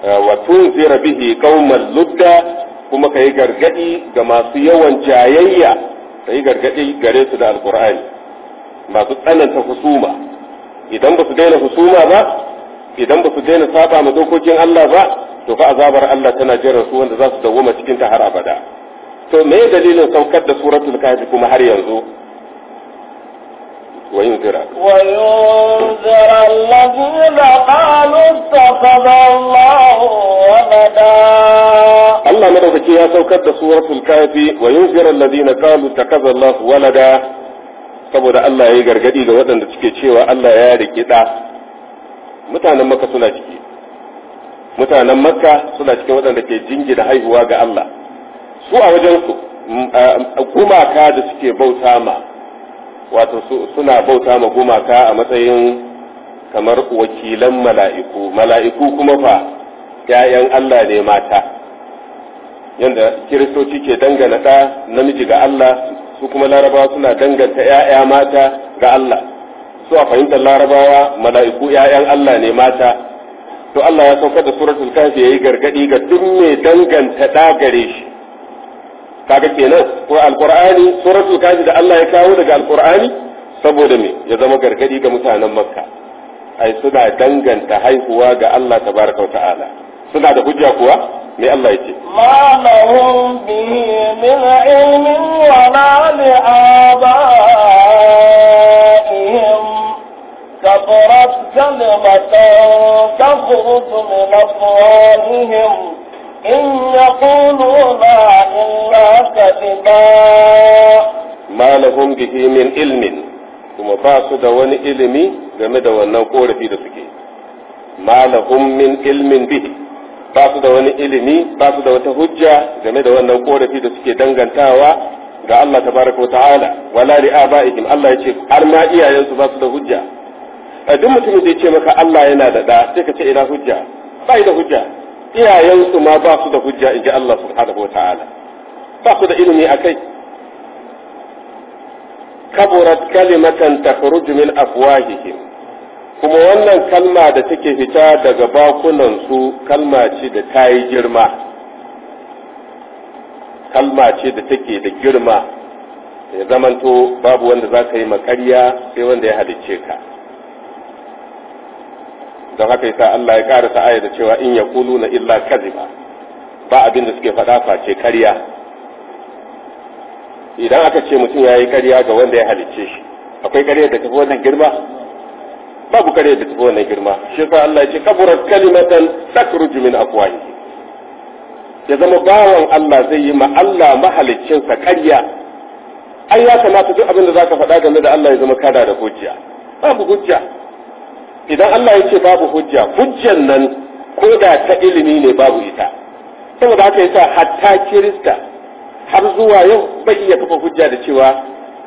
wa tunzira bihi qauman ludda kuma ka yi gargadi ga masu yawan jayayya ka yi gargadi gare su da alkur'ani masu tsananta husuma idan ba su daina husuma ba idan ba su daina saba ma dokokin Allah ba to fa azabar Allah tana jiran su wanda za su ma cikin ta har abada to me dalilin saukar da suratul kafi kuma har yanzu وينذر وينذر الذين قالوا اتخذ الله ولدا الله مدوكي يا سوكت سورة الكافي وينذر الذين قالوا اتخذ الله ولدا saboda Allah ya yi gargadi ga waɗanda suke cewa Allah ya riƙi ɗa mutanen maka suna ciki mutanen maka suna cikin waɗanda ke jingina haihuwa ga Allah su a wajensu gumaka da suke bauta ma wato suna bauta ma gumaka a matsayin kamar wakilan mala'iku mala'iku kuma fa ‘ya'yan Allah ne mata yadda kiristoci ke dangana ɗa namiji ga Allah su kuma larabawa suna danganta ‘ya'ya mata ga Allah su a fahimtar larabawa mala'iku ‘ya'yan Allah ne mata to Allah ya sauka da suratul kafi yayi yi gargaɗi ga duk mai danganta ɗa gare shi kaga kenan ko alqur'ani suratu kaji da Allah ya kawo daga alqur'ani saboda me ya zama gargadi ga mutanen makka ai suna danganta haihuwa ga Allah tabaraka ta'ala suna da hujja kuwa me Allah yake ma lahum bihi min ilmin wa la li abaihim kafarat kalimatan min afwahihim إن يقولون إلا كذبا ما لهم به من علم kuma ba su da wani ilimi game da wannan korafi da suke ma lahum min ilmin bihi ba su da wani ilimi ba su da wata hujja game da wannan korafi da suke dangantawa ga Allah tabaraka wa ta'ala wala li abaihim Allah yace har ma iyayensu ba su da hujja a duk mutumin da yace maka Allah yana da da sai ka ce ina hujja bai da hujja iyayensu ma ba su da hujja in ji Allah subhanahu wata'ala ba su da ilimi a kai kaburat kalimatan takhruju min afwahihim kuma wannan kalma da take fita daga bakunan su kalma ce da ta yi girma kalma ce da take da girma ya zamanto babu wanda za ka yi makarya sai wanda ya halicce ka don haka yasa Allah ya karasa aya da cewa in yaquluna illa kadhiba ba abin da suke faɗa face kariya idan aka ce mutum yayi kariya ga wanda ya halicce shi akwai kariya da tafi wannan girma babu kariya da tafi wannan girma shi yasa Allah ya ce kaburat kalimatan takruju min afwahi ya zama bawan Allah zai yi ma Allah mahaliccinsa kariya ai ya kamata duk abin da zaka faɗa game da Allah ya zama kada da hujja babu hujja idan Allah ya ce babu hujja hujjan nan ko da ta ilimi ne babu ita saboda haka yasa hatta kirista har zuwa yau bai iya kafa hujja da cewa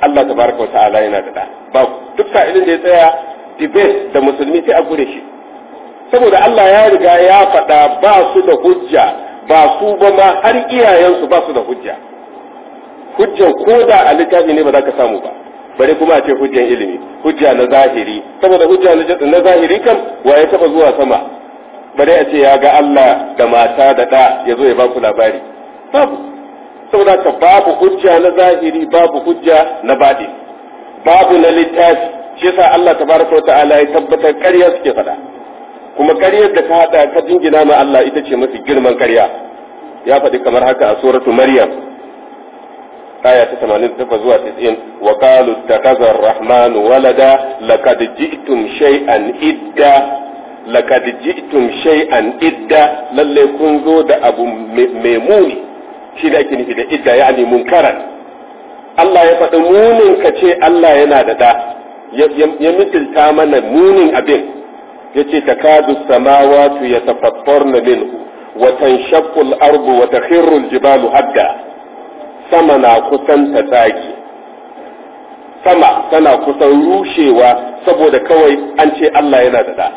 Allah tabaraka wa ta'ala yana da da babu duk sa'ilin da ya tsaya debate da musulmi sai a gure shi saboda Allah ya riga ya faɗa ba su da hujja ba su ba ma har iyayensu ba su da hujja hujjan ko da a littafi ne ba za ka samu ba bari kuma a ce hujjan ilimi hujja na zahiri saboda hujja na zahiri kan waye taba zuwa sama bari a ce ya ga Allah da mata da da ya zo ya ba ku labari babu saboda ka babu hujja na zahiri babu hujja na badi babu na littafi shi yasa Allah tabaraka ta'ala ya tabbatar ƙarya suke faɗa kuma ƙaryar da ta hada ta jingina ma Allah ita ce mafi girman ƙarya ya faɗi kamar haka a suratu maryam آية 89 وقالوا اتخذ الرحمن ولدا لقد جئتم شيئا إدا لقد جئتم شيئا إدا للي كنزو دا أبو ميموني شي لكن إذا إدا يعني منكرا الله يفتمونين كشي الله ينادى دا يمثل تامنا مونين أبين يتي تكاد السماوات يتفطرن منه وتنشق الأرض وتخر الجبال هدا sama na kusan ta tsaki sama tana kusan rushewa saboda kawai an ce Allah yana da da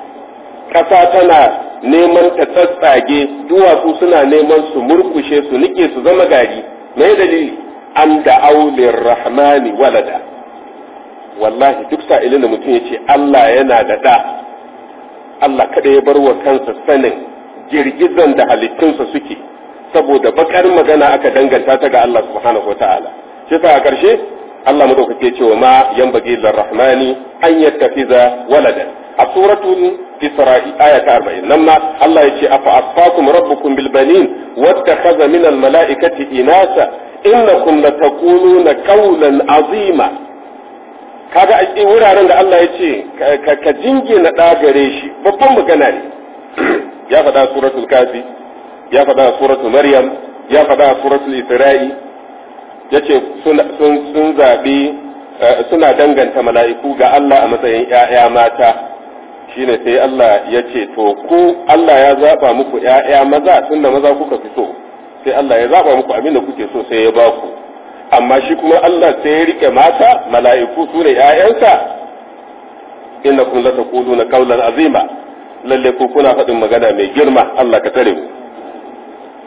ƙasa tana neman ta tsatsage duwatsu suna neman su murkushe su nike su zama gari mai dalili an da aulin rahmani walada wallahi duk sa'ilin da mutum ya ce Allah yana da da Allah kada ya bar wa kansa sanin girgizan da halittunsa suke saboda bakar magana aka danganta ta ga Allah subhanahu wataala shi sa a karshe Allah madaukake cewa ma bagilan rahmani an yattakiza waladan a suratun isra'i aya ta nan ma Allah ya ce afa asfakum rabbukum bil banin wattakhadha min al mala'ikati inasa innakum latakununa qawlan azima kaga a wuraren da Allah ya ce ka jingina ɗagare gare shi babban magana ne ya faɗa suratul kafi ya faɗa a suratu maryam ya faɗa a suratu isra'i yace sun sun zabi eh, suna danganta mala'iku ga Allah a matsayin yaya mata shi ne sai Allah ya ce to ku Allah ya zaba muku ‘ya’ya maza tun da maza kuka fi so sai Allah ya zaba muku abin da kuke so sai ya ba ku amma shi kuma Allah sai ya rike mata mala'iku su ne ‘ya'yansa inna kun na taquluna azima lalle ku kuna faɗin magana mai girma Allah ka tare mu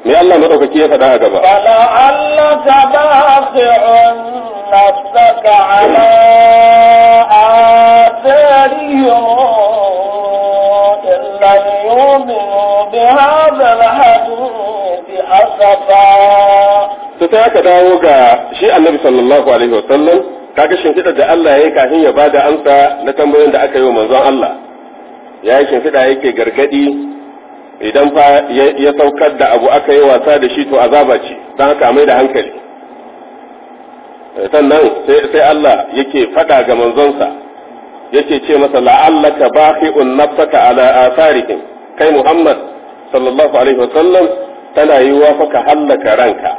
me Allah ɗaukaki ya faɗa a gaba fala allaka baqi'un nafsaka ala atharihim illa yu'minu bihadha alhadith asafa to sai aka dawo ga shi annabi sallallahu alaihi wasallam kaga da Allah ya yi kafin ya bada amsa na tambayoyin da aka yi wa manzon Allah ya yi shimfiɗa yake gargaɗi. idan fa ya saukar da abu aka yi wasa da shi to azaba ce don haka mai da hankali eh, sannan sai Allah yake faɗa ga manzonsa yake ce masa la'allaka baqi'un nafsaka ala atharihim kai Muhammad sallallahu alaihi wasallam tana yiwuwa fa ka hallaka ranka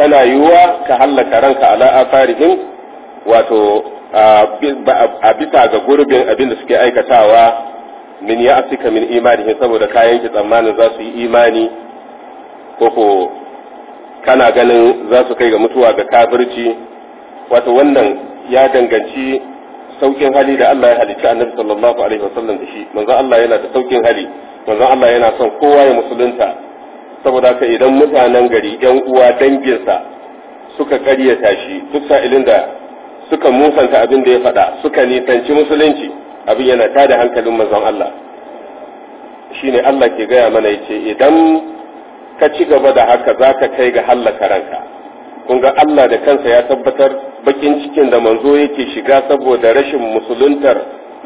tana yiwa ka hallaka ranka ala atharihim wato a bisa ga gurbin abin da suke aikatawa min ya afika min imani saboda kayan ki tsammanin za su yi imani koko kana ganin za su kai ga mutuwa ga kafirci wato wannan ya danganci saukin hali da Allah ya halicci annabi sallallahu alaihi wasallam da shi manzo Allah yana da saukin hali manzo Allah yana son kowa ya musulunta saboda ka idan mutanen gari yan uwa danginsa suka karyata shi duk sa'ilin da suka musanta abin da ya faɗa suka nisanci musulunci abin yana tada hankalin mazan Allah shine Allah ke gaya mana yace idan ka ci gaba da haka za ka kai ga hallaka ranka kun ga Allah da kansa ya tabbatar bakin cikin da manzo yake shiga saboda rashin musuluntar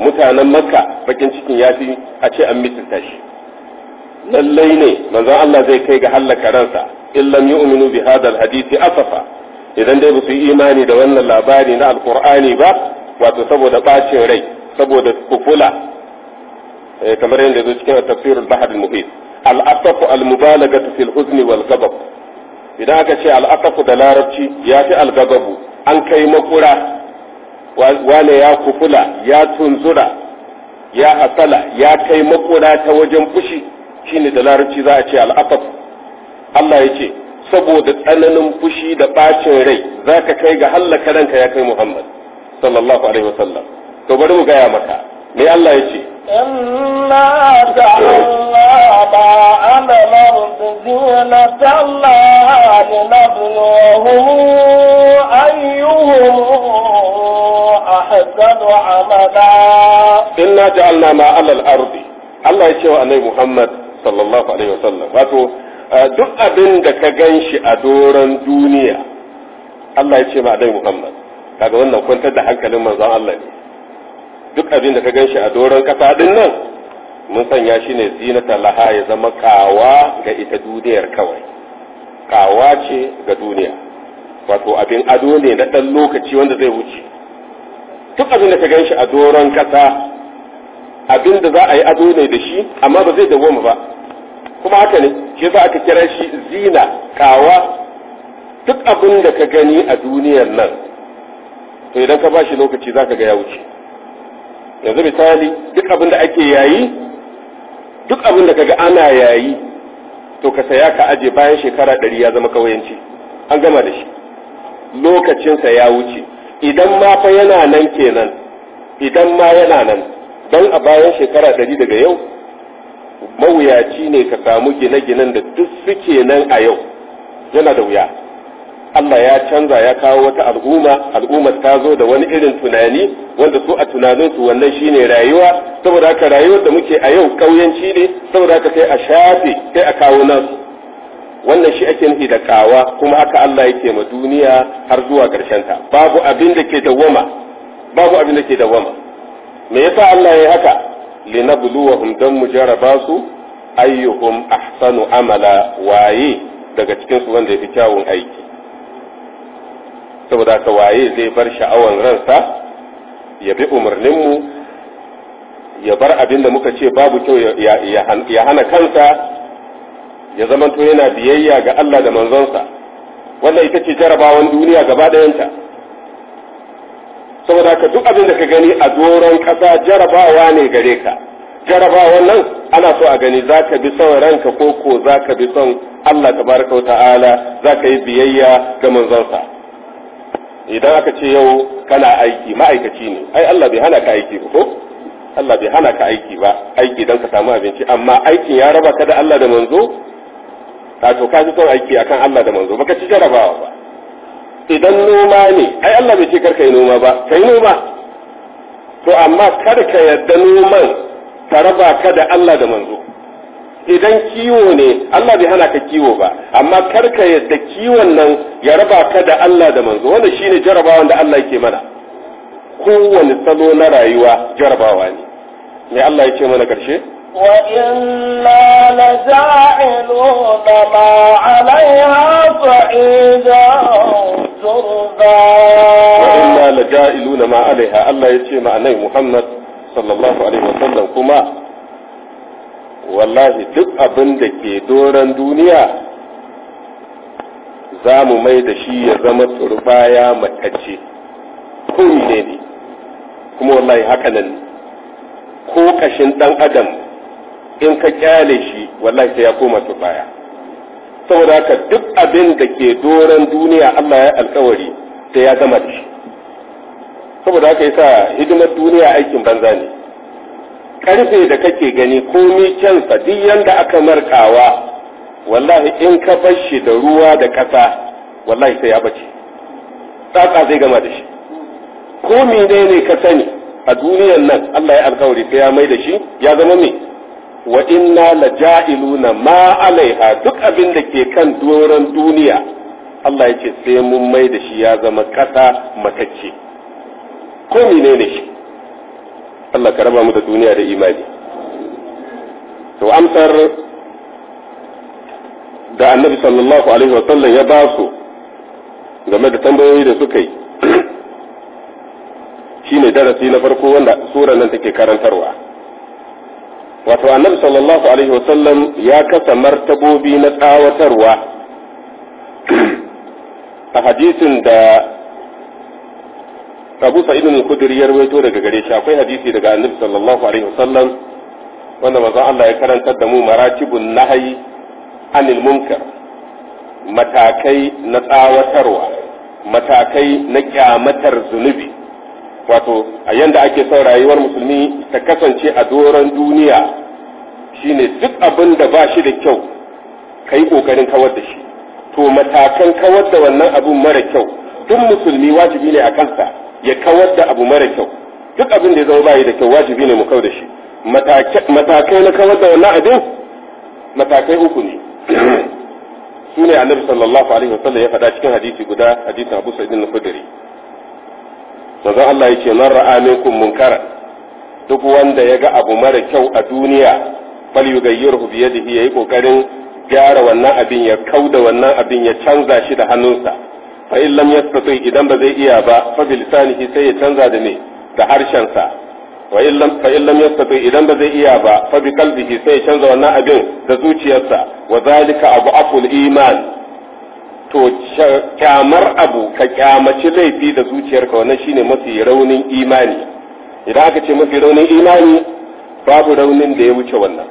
mutanen makka bakin cikin ya fi a ce an misalta shi lallai ne manzon Allah zai kai ga hallaka ransa in lam yu'minu bi hadal hadisi asafa idan dai ba su yi imani da wannan labari na alqur'ani ba wato saboda bacin rai saboda kufula eh, kamar yadda zai cikin tafsirul bahar al-muhit al-asafu al-mubalagatu fil huzni wal ghadab idan aka ce al-asafu da larabci ya fi al-ghadabu an kai makura wane ya kufula ya tunzura ya asala ya kai makura ta wajen fushi shine da larabci za a ce al-asafu Allah ya ce saboda tsananin fushi da bacin rai za ka kai ga hallaka ranka ya kai Muhammad sallallahu alaihi wasallam to bari mu gaya maka ne Allah ya ce inna ta'ala ba ala marzina tallaha linabluhum ma ala al Allah ya ce wa annabi Muhammad sallallahu alaihi wasallam wato eh, duk abin da ka ganshi a doron duniya Allah ya ce ma annabi Muhammad kaga wannan kwantar da hankalin manzon Allah ne duk abin da ka gan shi a doron kasa din nan mun sanya shi ne zinata laha ya zama kawa ga ita duniyar kawai kawa ce ga duniya wato abin ado ne na ɗan lokaci wanda zai wuce duk abin da ka gan shi a doron kasa abin da za a yi ado ne da shi amma ba zai dawo ba kuma haka ne shi yasa aka kira shi zina kawa duk abin da ka gani a duniyar nan to idan ka ba shi lokaci za ka ga ya wuce yanzu misali duk abin da ake yayi duk abin da kaga ana yayi to ka saya ka aje bayan shekara ɗari ya zama kawayanci an gama da shi lokacinsa ya wuce idan ma fa yana nan kenan idan ma yana nan don a bayan shekara ɗari daga yau mawuyaci ne ka samu gine-ginen da duk suke nan a yau yana da wuya Allah ya canza ya kawo wata al'umma al'ummar ta zo da wani irin tunani wanda su a tunaninsu wannan shine rayuwa saboda haka rayuwar da muke a yau kauyanci ne saboda haka sai a shafe sai a kawo nasu wannan shi ake nufi da kawa kuma haka Allah yake ma duniya har zuwa ƙarshen ta babu abin da ke dawwama babu abin da ke dawwama me yasa Allah ya haka linabluwahum dan mujarraba su ayyuhum ahsanu amala waye daga cikin su wanda yafi kyawun aiki saboda ka waye zai bar sha'awan ransa ya bi umarninmu ya bar abin da muka ce babu kyau ya hana kansa ya zamanto yana biyayya ga Allah da manzonsa wannan ita ce jarabawan duniya gaba ɗayanta saboda ka duk abin da ka gani a doron ƙasa jarabawa ne gare ka jarabawan nan ana so a gani za ka bi son ranka ko ko za ka bi son Allah tabaraka wa ta'ala za ka yi biyayya ga manzonsa idan aka ce yau kana aiki ma'aikaci ne ai Allah bai hana ka aiki ba ko Allah bai hana ka aiki ba aiki dan ka samu abinci amma aikin ya raba ka da Allah da manzo ka to ka ji son aiki akan Allah da manzo baka ci jarabawa ba idan noma ne ai Allah bai ce kar yi noma ba kai noma to amma kada ka yarda noman ka raba ka da Allah da manzo idan kiwo ne Allah bai hana ka kiwo ba amma karka yadda kiwon nan ya raba ka da Allah da manzo wannan shine jarabawan da Allah yake mana kowane salo na rayuwa jarabawa ne me Allah ya ce mana karshe وإنا ma ما fa'iza turba wa inna la ما ma الله Allah مع ma annabi Muhammad sallallahu alaihi wasallam kuma. wallahi duk abin da ke doron duniya za mu mai da shi ya zama turbaya matacce kun ne ne kuma wallahi haka nan ko kashin dan adam in ka kyale shi wallahi sai ya koma turbaya saboda haka duk abin da ke doron duniya Allah ya alkawari sai ya zama da shi saboda haka yasa hidimar duniya aikin banza ne karfe da kake gani komi kyansa duk yanda aka markawa wallahi in ka bar da ruwa da ƙasa wallahi sai ya bace tsatsa zai gama da shi ko ne ne ka sani a duniyar nan Allah ya alkawari sai ya mai da shi ya zama me wa inna la ja'iluna ma alaiha duk abin da ke kan doron duniya Allah ya ce sai mun mai da shi ya zama ƙasa matacce ko ne ne shi Allah ka raba da duniya da imani to amsar da annabi sallallahu alaihi wasallam ya ba su game da tambayoyi da suka yi shine darasi na farko wanda sura nan take karantarwa wato annabi sallallahu alaihi wasallam ya kasa martabobi na tsawatarwa a hadisin da Abu Sa'id al-Khudri ya rawaito daga gare shi akwai hadisi daga Annabi sallallahu alaihi wasallam wanda manzo Allah ya karanta da mu maratibun nahyi anil munkar matakai na tsawatarwa matakai na kyamatar zunubi wato a yanda ake son rayuwar musulmi ta kasance a doron duniya shine duk abin da ba shi da kyau kai kokarin kawar da shi to matakan kawar da wannan abun mara kyau duk musulmi wajibi ne a kansa ya kawar da abu mara kyau duk abin da ya zama bayi da kyau wajibi ne mu kawar da shi matakai na kawar da wannan abin matakai uku ne su ne annabi sallallahu alaihi wasallam ya faɗa cikin hadisi guda hadisin Abu Sa'id na khudri manzon Allah ya ce man ra'a minkum munkara duk wanda ya ga abu mara kyau a duniya fal yughayyirhu bi yadihi yayi kokarin gyara wannan abin ya kauda wannan abin ya canza shi da hannunsa fa in lam yastati idan ba zai iya ba fa bi lisanihi sai ya canza da ne da harshen sa wa in lam fa in lam yastati idan ba zai iya ba fa bi qalbihi sai ya canza wannan abin da zuciyarsa wa zalika abu aful iman to kyamar abu ka kyamaci laifi da zuciyarka wannan shine mafi raunin imani idan aka ce mafi raunin imani babu raunin da ya wuce wannan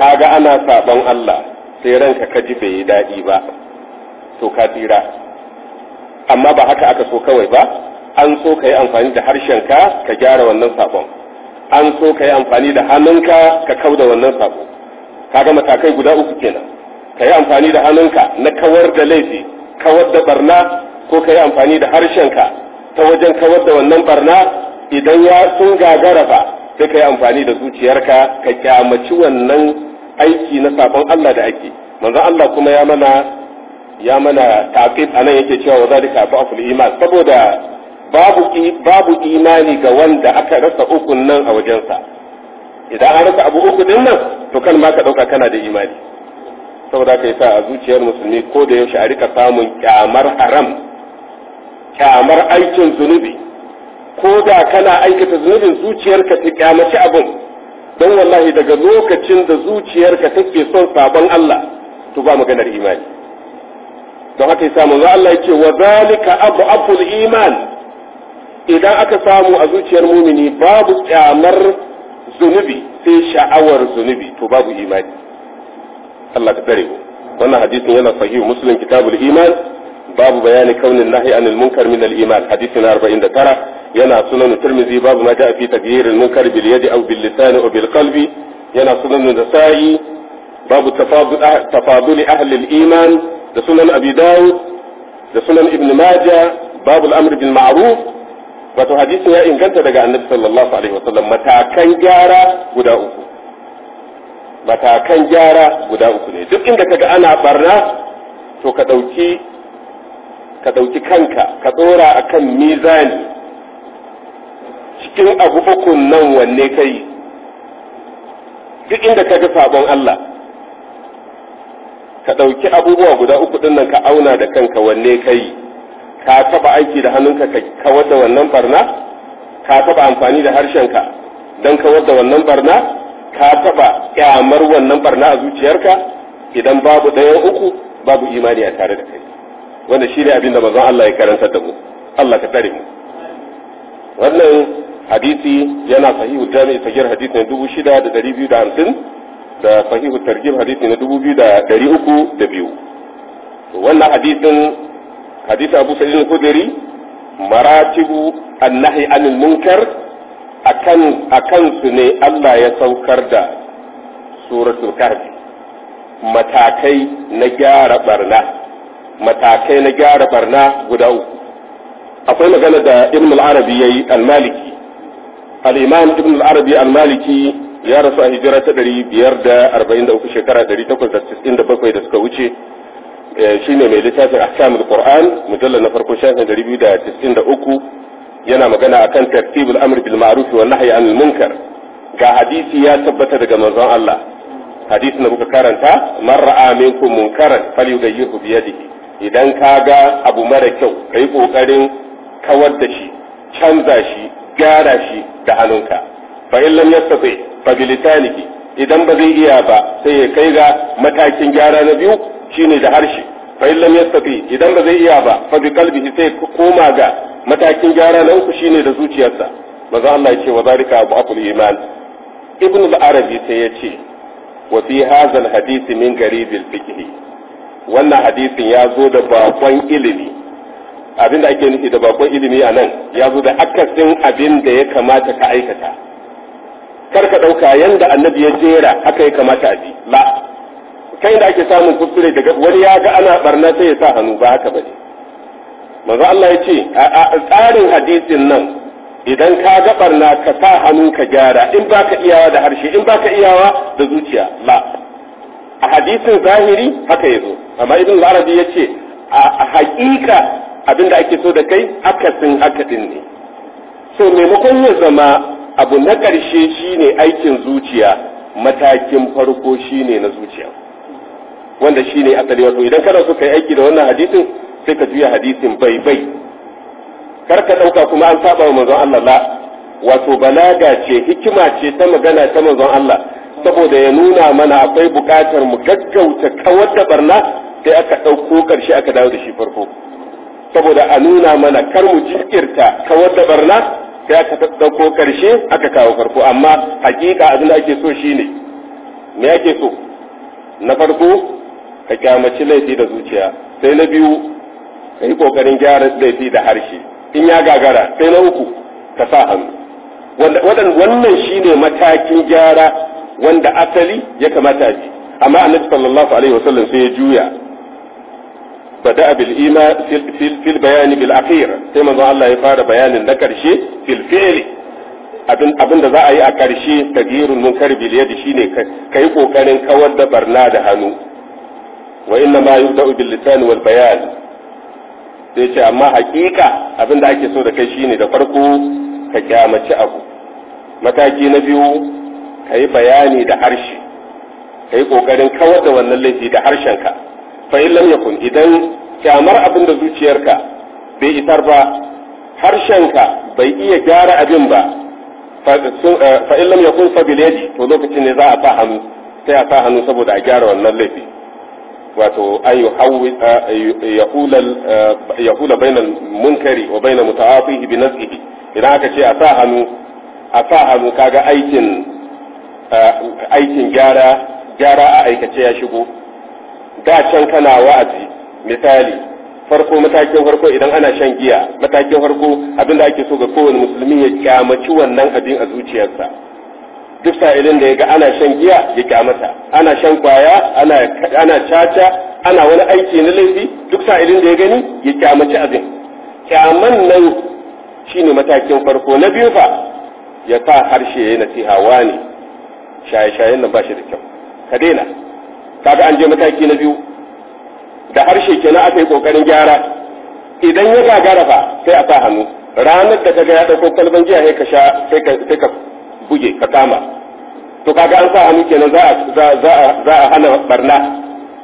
kaga ana sabon Allah sai ranka ka ji bai yi daɗi ba to ka tsira amma ba haka aka so kawai ba an so ka yi amfani da harshen ka ka gyara wannan sabon an so ka yi amfani da hannunka ka kauda wannan ka kaga matakai guda uku kenan ka yi amfani da hannunka na kawar da laifi kawar da barna ko ka yi amfani da ka ta wajen kawar da wannan barna idan ya sun gagara ba sai ka yi amfani da zuciyarka ka kyamaci wannan aiki na sabon Allah da ake manzon Allah kuma ya mana ya mana taqid anan yake cewa wa zalika aful iman saboda babu babu imani ga wanda aka rasa ukun nan a sa idan an rasa abu uku din nan to kan ma ka dauka kana da imani saboda ka yasa a zuciyar musulmi ko da yaushe a rika samun kyamar haram kyamar aikin zunubi ko da kana aikata zunubin zuciyarka ta kyamaci abin don wallahi daga lokacin da zuciyarka take son sabon Allah to ba maganar imani don haka ya samu Allah ya ce wa zalika ab'aful iman idan aka samu a zuciyar mumini babu kyamar zunubi sai sha'awar zunubi to babu imani Allah ka tsare wannan hadisin yana sahih muslim kitabul iman babu bayani kaunin nahi anil munkar min al iman hadisi na 49 yana sunan tirmizi babu ma ja'a fi taghyir al munkar bil yadi aw bil lisan aw bil qalbi yana sunan nasa'i babu ah, tafaduli ahlil iman da sunan abi dawud da sunan ibn maja babu al'amr bil ma'ruf wato hadisin ya inganta daga annabi sallallahu alaihi wasallam matakan gyara guda uku matakan gyara guda uku ne duk inda kaga ana barna to ka dauki ka dauki kanka ka tsora akan mizani cikin abu nan wanne kai duk inda kaga sabon Allah ka ɗauki abubuwa guda uku ɗin nan ka auna da kanka wanne ka yi ka taɓa aiki da hannunka ka kawar da wannan barna ka taɓa amfani da harshenka don kawar da wannan barna ka taɓa ƙyamar wannan barna a zuciyarka idan babu ɗaya uku babu imani a tare da kai wanda shi ne abin da mazan Allah ya karanta da mu Allah ka tare mu wannan hadisi yana sahihu jami'i sahihar hadisi ne dubu shida da dari biyu da hamsin da sahihu tarjib hadisi na dubu biyu da ɗari uku da biyu wannan hadisin hadisi abu sa'idin kudiri maratibu annahi anil munkar akan akan su ne Allah ya saukar da suratul kahfi matakai na gyara barna matakai na gyara barna guda uku akwai magana da ibn al-arabi yayi al-maliki al-imam ibn al-arabi al-maliki ya rasu a hijira ta 543 shekara 897 da suka wuce eh, shi ne mai littafin ahkamul qur'an mujallar na farko shafin 293 yana magana akan tartibul amr bil ma'ruf wa nahyi anil munkar ga hadisi ya tabbata daga manzon Allah hadisi da muka karanta man ra'a minkum munkaran falyughayyirhu bi yadihi idan kaga abu mara kyau kai kokarin kawar da shi canza shi gyara shi da hannunka fa in lam yastati fabilitaniki idan ba zai iya ba sai ya kai ga matakin gyara na biyu shine da harshe fa illam yastati idan ba zai iya ba fa bi qalbihi sai koma ga matakin gyara na uku shine da zuciyarsa maza Allah ya ce wa zalika abu akul iman ibn al-arabi sai ya ce wa fi hadha al-hadith min garib al-fiqh wannan hadisin ya zo da bakon ilimi abinda ake nufi da bakon ilimi a nan ya zo da akasin abin da ya kamata ka aikata kar ka ɗauka yanda annabi ya jera haka ya kamata a ji la kai da ake samun kuskure daga wani ya ga ana barna sai ya sa hannu ba haka bane manzo Allah ya ce a tsarin hadisin nan idan ka ga barna ka sa hannu ka gyara in baka iyawa da harshe in baka iyawa da zuciya la a hadisin zahiri haka yazo amma ibn arabi ya ce a haƙiƙa abinda ake so da kai akasin haka din ne so maimakon ya zama abu na ƙarshe shine aikin zuciya matakin farko shine na zuciya wanda shine asali wato idan kana so kai aiki da wannan hadisin sai ka juya hadisin bai bai kar ka dauka kuma an saba wa manzon Allah la wato balaga ce hikima ce ta magana ta manzon Allah saboda ya nuna mana akwai bukatar mu gaggauta kawar da barna sai aka ɗauko ƙarshe aka dawo da shi farko saboda a nuna mana kar mu jinkirta kawar da barna sai aka ɗauko ƙarshe aka kawo farko amma hakika abin da ake so shine me ake so na farko ka kyamaci laifi da zuciya sai na biyu ka yi ƙoƙarin gyara laifi da harshe in ya gagara sai na uku ka sa hannu wannan shine matakin gyara wanda asali ya kamata a amma annabi sallallahu alaihi wasallam sai ya juya bada bil iman fil fil bayani bil akhir sai manzo Allah ya fara bayanin na karshe fil abin abin da za a yi a karshe tadirul munkar bil yadi shine kai kokarin kawar da barna da hannu wa inna ma yubda'u bil lisan wal bayan sai ce amma hakika abin da ake so da kai shine da farko ka kyamaci abu mataki na biyu kai bayani da harshe kai kokarin kawar da wannan laifi da harshenka fa in lam yakun idan kyamar abin da zuciyarka bai isar ba harshenka bai iya gyara abin ba fa eh, in lam yakun fa bil to lokacin ne za a sa hannu sai a sa hannu saboda a gyara wannan laifi wato an ya eh, yahula bainal eh, munkari wa bainal muta'afihi bi nazihi idan aka ce a sa hannu a sa hannu kaga aikin aikin gyara gyara a aikace ya shigo da can kana wa'azi misali farko matakin farko idan ana shan giya matakin farko abinda ake so ga kowane musulmi ya kyamaci wannan abin a zuciyarsa duk sa'ilin da ya ga ana shan giya ya kyamata ana shan kwaya ana ana caca ana wani aiki na laifi duk sa'ilin da ya gani ya kyamaci abin kyaman nan shine matakin farko na biyu fa ya sa harshe ya nasiha wani shaye-shayen nan ba shi da kyau ka daina kaga an je mataki na biyu da harshe kenan aka yi kokarin gyara idan ya gagara fa sai a sa hannu ranar da kaga ya dauko kalban jiya sai ka sha sai ka buge ka kama to kaga an sa hannu kenan za a za a hana barna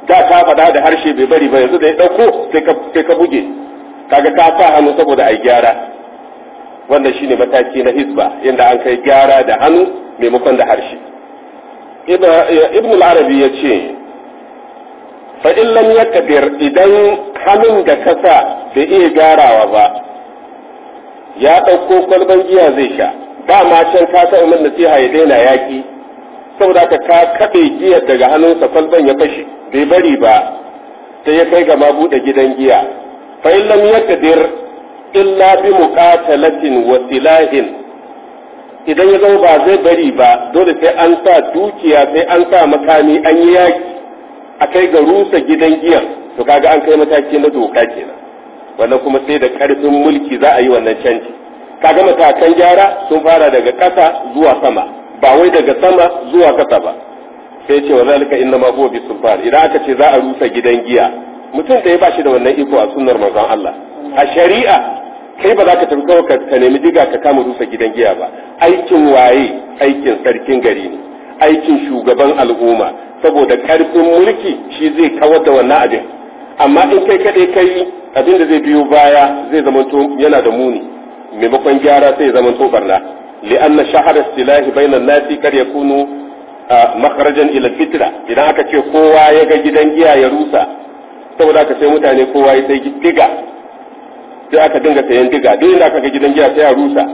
da ka faɗa da harshe bai bari ba yanzu da ya dauko sai ka buge kaga ka sa hannu saboda ai gyara wannan shine mataki na hizba inda an kai gyara da hannu maimakon da harshe ibn al-arabi ya ce fa in lam yaqdir idan hannun da kasa bai iya garawa ba ya ɗauko kwalban giya zai sha ba ma can ka sa umar nasiha ya daina yaki saboda ka ka kaɗe giya daga hannunsa kwalban ya fashe bai bari ba sai ya kai ga ma buɗe gidan giya fa in lam yaqdir illa bi muqatalatin wa silahin idan ya zama ba zai bari ba dole sai an sa dukiya sai an sa makami an yi yaki a kai ga rusa gidan giyan to kaga an kai mataki na doka kenan wannan kuma sai da karfin mulki za a yi wannan canji kaga matakan gyara sun fara daga kasa zuwa sama ba wai daga sama zuwa kasa ba sai ce wa zalika inna ma huwa bisulfan idan aka ce za a rusa gidan giya mutum da ya bashi da wannan iko a sunnar manzon Allah a shari'a kai ba za ka tafi kawai ka nemi diga ka kama rusa gidan giya ba aikin waye aikin sarkin gari ne aikin shugaban al'umma saboda karfin mulki shi zai kawar da wannan abin amma in kai kaɗai kai abin da zai biyo baya zai to yana da muni maimakon gyara sai to barna li'anna shahar istilahi bainan nasi kar ya kunu makarajan ila fitra idan aka ce kowa ya ga gidan giya ya rusa saboda aka sai mutane kowa ya sai diga sai aka dinga sayan diga duk inda aka ga gidan giya sai ya rusa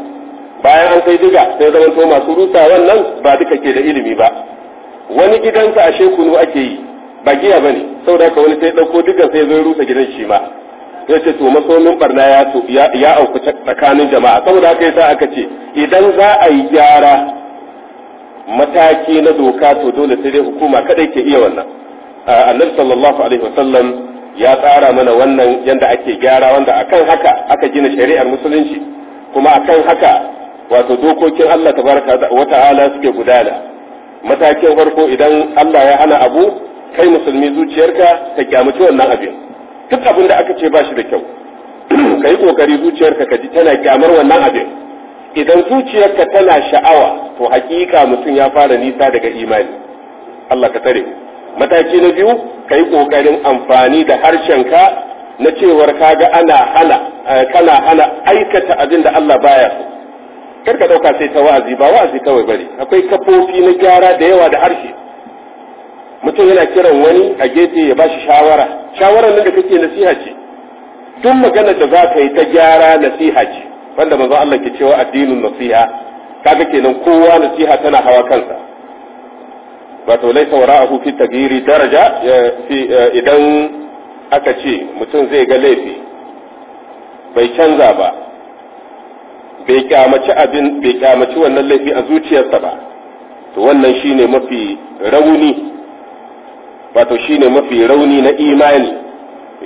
bayan an sai diga sai zama to masu rusa wannan ba duka ke da ilimi ba wani gidansa a shekunu ake yi ba giya ba sau saboda haka wani sai ɗauko diga sai zai rusa gidan shi ma yace to masomin barna ya ya auku tsakanin jama'a saboda haka yasa aka ce idan za a yi gyara mataki na doka to dole sai dai hukuma kadai ke iya wannan annabi sallallahu alaihi wasallam ya tsara mana wannan yanda ake gyara wanda akan haka aka gina shari'ar musulunci kuma akan haka wato dokokin Allah tabaraka wa ta'ala suke gudana matakin farko idan Allah ya hana abu kai musulmi zuciyarka ta kyamuci wannan abin duk abin da aka ce ba shi da kyau kai kokari zuciyarka ka ji tana kyamar wannan abin idan zuciyarka tana sha'awa to hakika mutum ya fara nisa daga imani Allah ka tare mataki na biyu kai kokarin amfani da harshenka na cewar kaga ana hana eh, kana hana aikata abin da Allah baya so kar ka dauka sai ta wa'azi ba wa'azi kawai bari akwai kafofi na gyara da yawa da harshe mutum yana kiran wani a gefe ya bashi shawara shawarar nan da kake nasiha ce duk magana da za ka yi ta gyara nasiha ce wanda manzo Allah ke cewa addinin nasiha kaga kenan kowa nasiha tana hawa kansa wato laisa wara'ahu fi tagiri daraja eh, idan aka ce mutum zai ga laifi bai canza ba bai kyamaci abin bai kyamaci wannan laifi a zuciyarsa ba to wannan shine mafi rauni wato shine mafi rauni na imani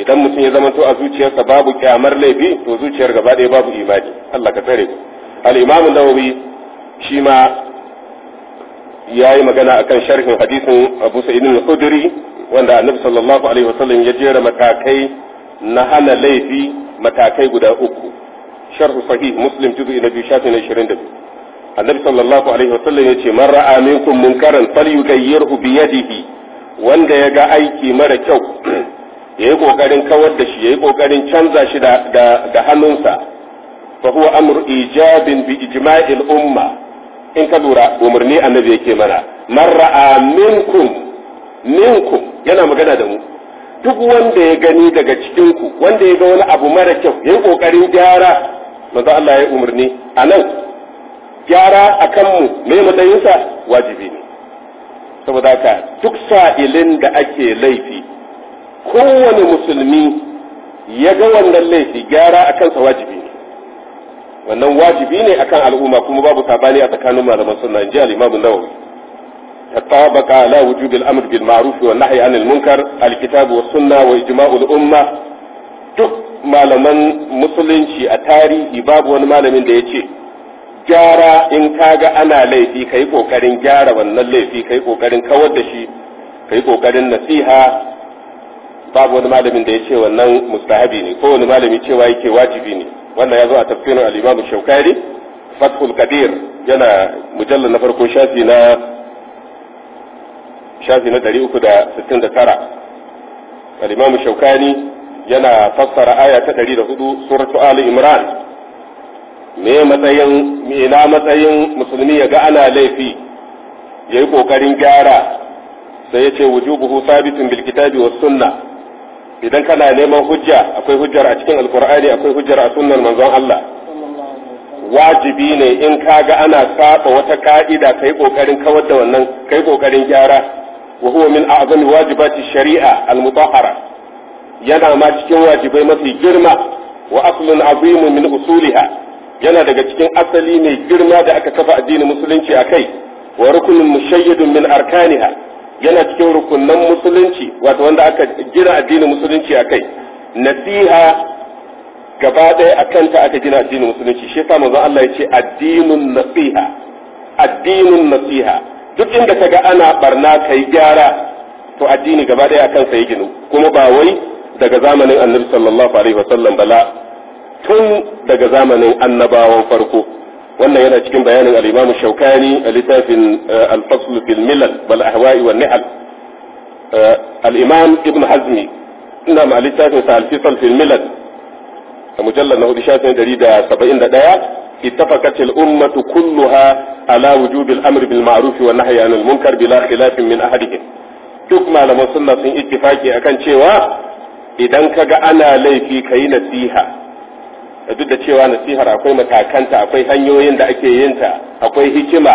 idan mutum ya zama to a zuciyarsa babu kyamar laifi to zuciyar gaba ɗaya babu imani Allah ka tsare ku al-imamu nawawi shi ma yayi magana akan sharhin hadisin Abu Sa'id al-Khudri wanda Annabi sallallahu alaihi wasallam ya jera matakai na hana laifi matakai guda uku sharh sahih muslim juz'i na biyu shafi na ishirin 22 annabi sallallahu alaihi wasallam yace man ra'a minkum munkaran falyughayyirhu bi yadihi wanda ya ga aiki mara kyau Ya yi kokarin kawar da shi Ya yi kokarin canza shi da da hannunsa fa huwa amru ijabin bi ijma'il umma in ka lura umarni annabi yake mana man ra'a minkum minkum yana magana da mu duk wanda ya gani daga cikinku wanda ya ga wani abu mara kyau ya yi ƙoƙarin gyara manzo Allah ya umarni anan gyara akan kanmu me matsayinsa wajibi ne saboda haka duk sa'ilin da ake laifi kowane musulmi ya ga wannan laifi gyara a kansa wajibi ne wannan wajibi ne akan al'umma kuma babu sabani a tsakanin malaman sunna inji al-Imam an-Nawawi تطابق على وجوب الامر بالمعروف والنهي عن المنكر الكتاب والسنه واجماع الامه duk malaman musulunci a tarihi babu wani malamin da ya ce gyara in kaga ana laifi ka yi ƙoƙarin gyara wannan laifi ka yi ƙoƙarin kawar da shi ka yi ƙoƙarin nasiha babu wani malamin da ya ce wannan mustahabi ne ko wani malami cewa yake wajibi ne wannan ya zo a tafsirin al-imam shaukari fathul kadir yana mujallar na farko shafi na shafi na 369 al-imam shaukani yana fassara aya ta 104 suratu ali imran me matsayin me na matsayin musulmi ya ga ana laifi yayi kokarin gyara sai yace wujubuhu sabitun bil kitabi was sunna idan kana neman hujja akwai hujjar a cikin alqur'ani akwai hujjar a sunnar manzon Allah wajibi ne in ka ga ana saba wata ka'ida kai kokarin kawar da wannan kai kokarin gyara wa huwa min a'zami wajibati shari'a al-mutahhara yana ma cikin wajibai mafi girma wa aslun azimu min usuliha yana daga cikin asali mai girma da aka kafa addinin musulunci akai wa rukunin mushayyidun min arkaniha yana cikin rukunan musulunci wato wanda aka gina addinin musulunci akai nasiha gaba ɗaya a kanta aka gina addinin musulunci shi yasa manzon Allah ya ce addinun nasiha addinun nasiha duk inda kaga ana barna kai gyara to addini gaba ɗaya a kansa ya ginu kuma ba wai daga zamanin annabi sallallahu alaihi wasallam bala tun daga zamanin annabawan farko wannan yana cikin bayanin al-Imam Shawkani a littafin eh, al-Fasl fil Milal wal Ahwa'i wan Nihal eh, al-Imam Ibn Hazmi ina ma littafin sa al-Fisl fil Milal a mujallal na hudu shafin 171 اتفقت الأمة كلها على وجوب wa بالمعروف والنهي عن المنكر بلا خلاف من أحدهم duk malaman sunna sun ittifaki akan cewa idan ka ga ana laifi ka yi nasiha da duk da cewa nasihar akwai matakanta akwai hanyoyin da ake yinta akwai hikima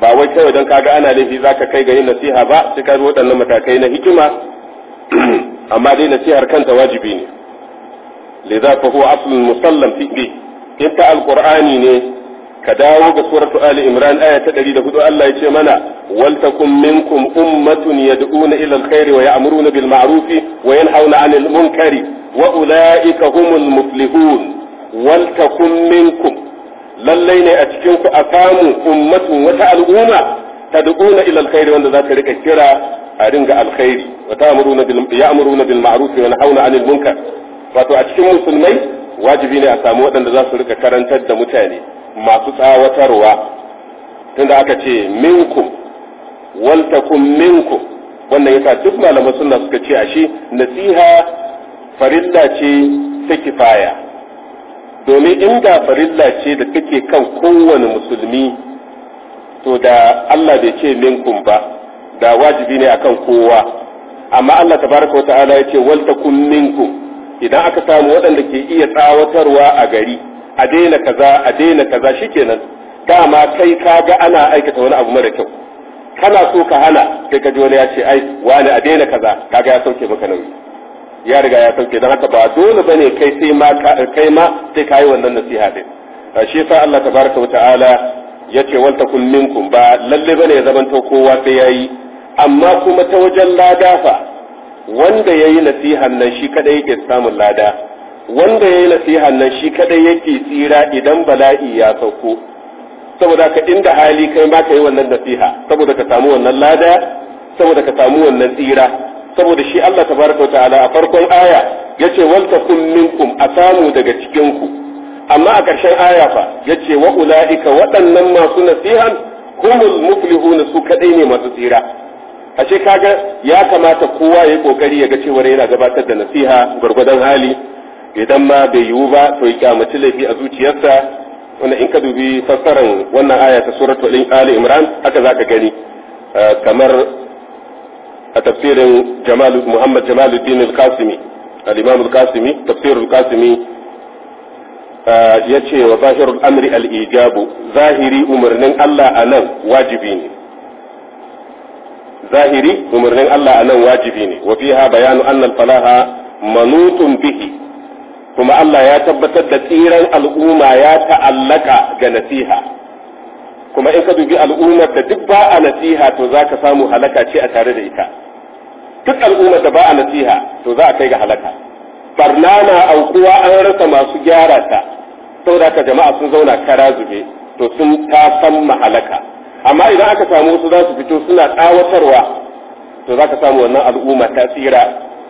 ba wai kawai don ga ana laifi za ka kai ga yin nasiha ba sai ka waɗannan matakai na hikima amma dai nasihar kanta wajibi ne lidha fa huwa aslun musallam fi in ta alqur'ani ne ka dawo ga suratu ali imran aya ta 104 Allah ya ce mana wal takum minkum ummatun yad'una ila alkhairi wa ya'muruna bil ma'ruf wa yanhauna 'anil munkari wa ulaika humul muflihun wal takum minkum lalle ne a cikin ku akamu ummatun wata al'umma tad'una ila alkhairi wanda za ta rika kira a ringa alkhairi wa ta'muruna bil ya'muruna bil ma'ruf wa yanhauna 'anil munkar wato a cikin musulmai wajibi ne a samu waɗanda za su rika karantar da mutane masu tsawatarwa tunda aka ce minkum waltakum minkum wannan yasa duk malaman suna suka ce shi nasiha farilla ce ta kifaya domin inda farilla ce da take kan kowane musulmi to da Allah bai ce minkum ba da wajibi ne akan kowa amma Allah tabaraka wa ta'ala ya ce waltakum minkum idan aka samu waɗanda ke iya tsawatarwa a gari a daina kaza a daina kaza shikenan dama kai ka ga ana aikata wani abu mara kyau kana so ka hana kai ka ji wani ya ce ai wani a daina kaza kaga ya sauke maka nauyi ya riga ya sauke don haka ba dole bane kai sai ma kai ma sai kai wannan nasiha din shi yasa Allah tabaraka wa ta'ala yace wal takun minkum ba lalle bane ya zamanto kowa sai yayi amma kuma ta wajen ladafa wanda yayi nasihan nan shi kadai yake samun lada wanda yayi nasihan nan shi kadai yake tsira idan bala'i ya sauko saboda ka inda hali kai ma ka yi wannan nasiha saboda ka samu wannan lada saboda ka samu wannan tsira saboda shi Allah tabaraka ta'ala a farkon aya yace wal takum minkum a samu daga cikin ku amma a ƙarshen aya fa yace wa ulaika waɗannan masu nasihan humul muflihun su kadai ne masu tsira a ce kaga ya kamata kowa ya yi kokari ya ga cewa yana gabatar da nasiha gwargwadon hali idan ma bai yiwu ba to ya kyamaci laifi a zuciyarsa wanda in ka dubi fassaran wannan aya ta suratul ali imran haka ka gani ah, kamar a tafsirin jamal muhammad jamaluddin al kasimi al-imam al-qasimi tafsir al ah, ya yace wa zahirul amri al-ijabu zahiri umarnin Allah anan wajibi ne zahiri umarnin Allah a nan wajibi ne wa fiha bayanu annal falaha manutun bihi kuma Allah ya tabbatar da tsiran al'umma ya ta'allaka ga nasiha kuma in ka dubi al'ummar da duk ba a nasiha to za ka samu halaka ce a tare da ita duk al'ummar da ba a nasiha to za a kai ga halaka barna na aukuwa an rasa masu gyara ta saboda ka jama'a sun zauna kara zube to sun ta san mahalaka amma idan aka samu wasu za su fito suna tsawatarwa to za ka samu wannan al'umma ta tsira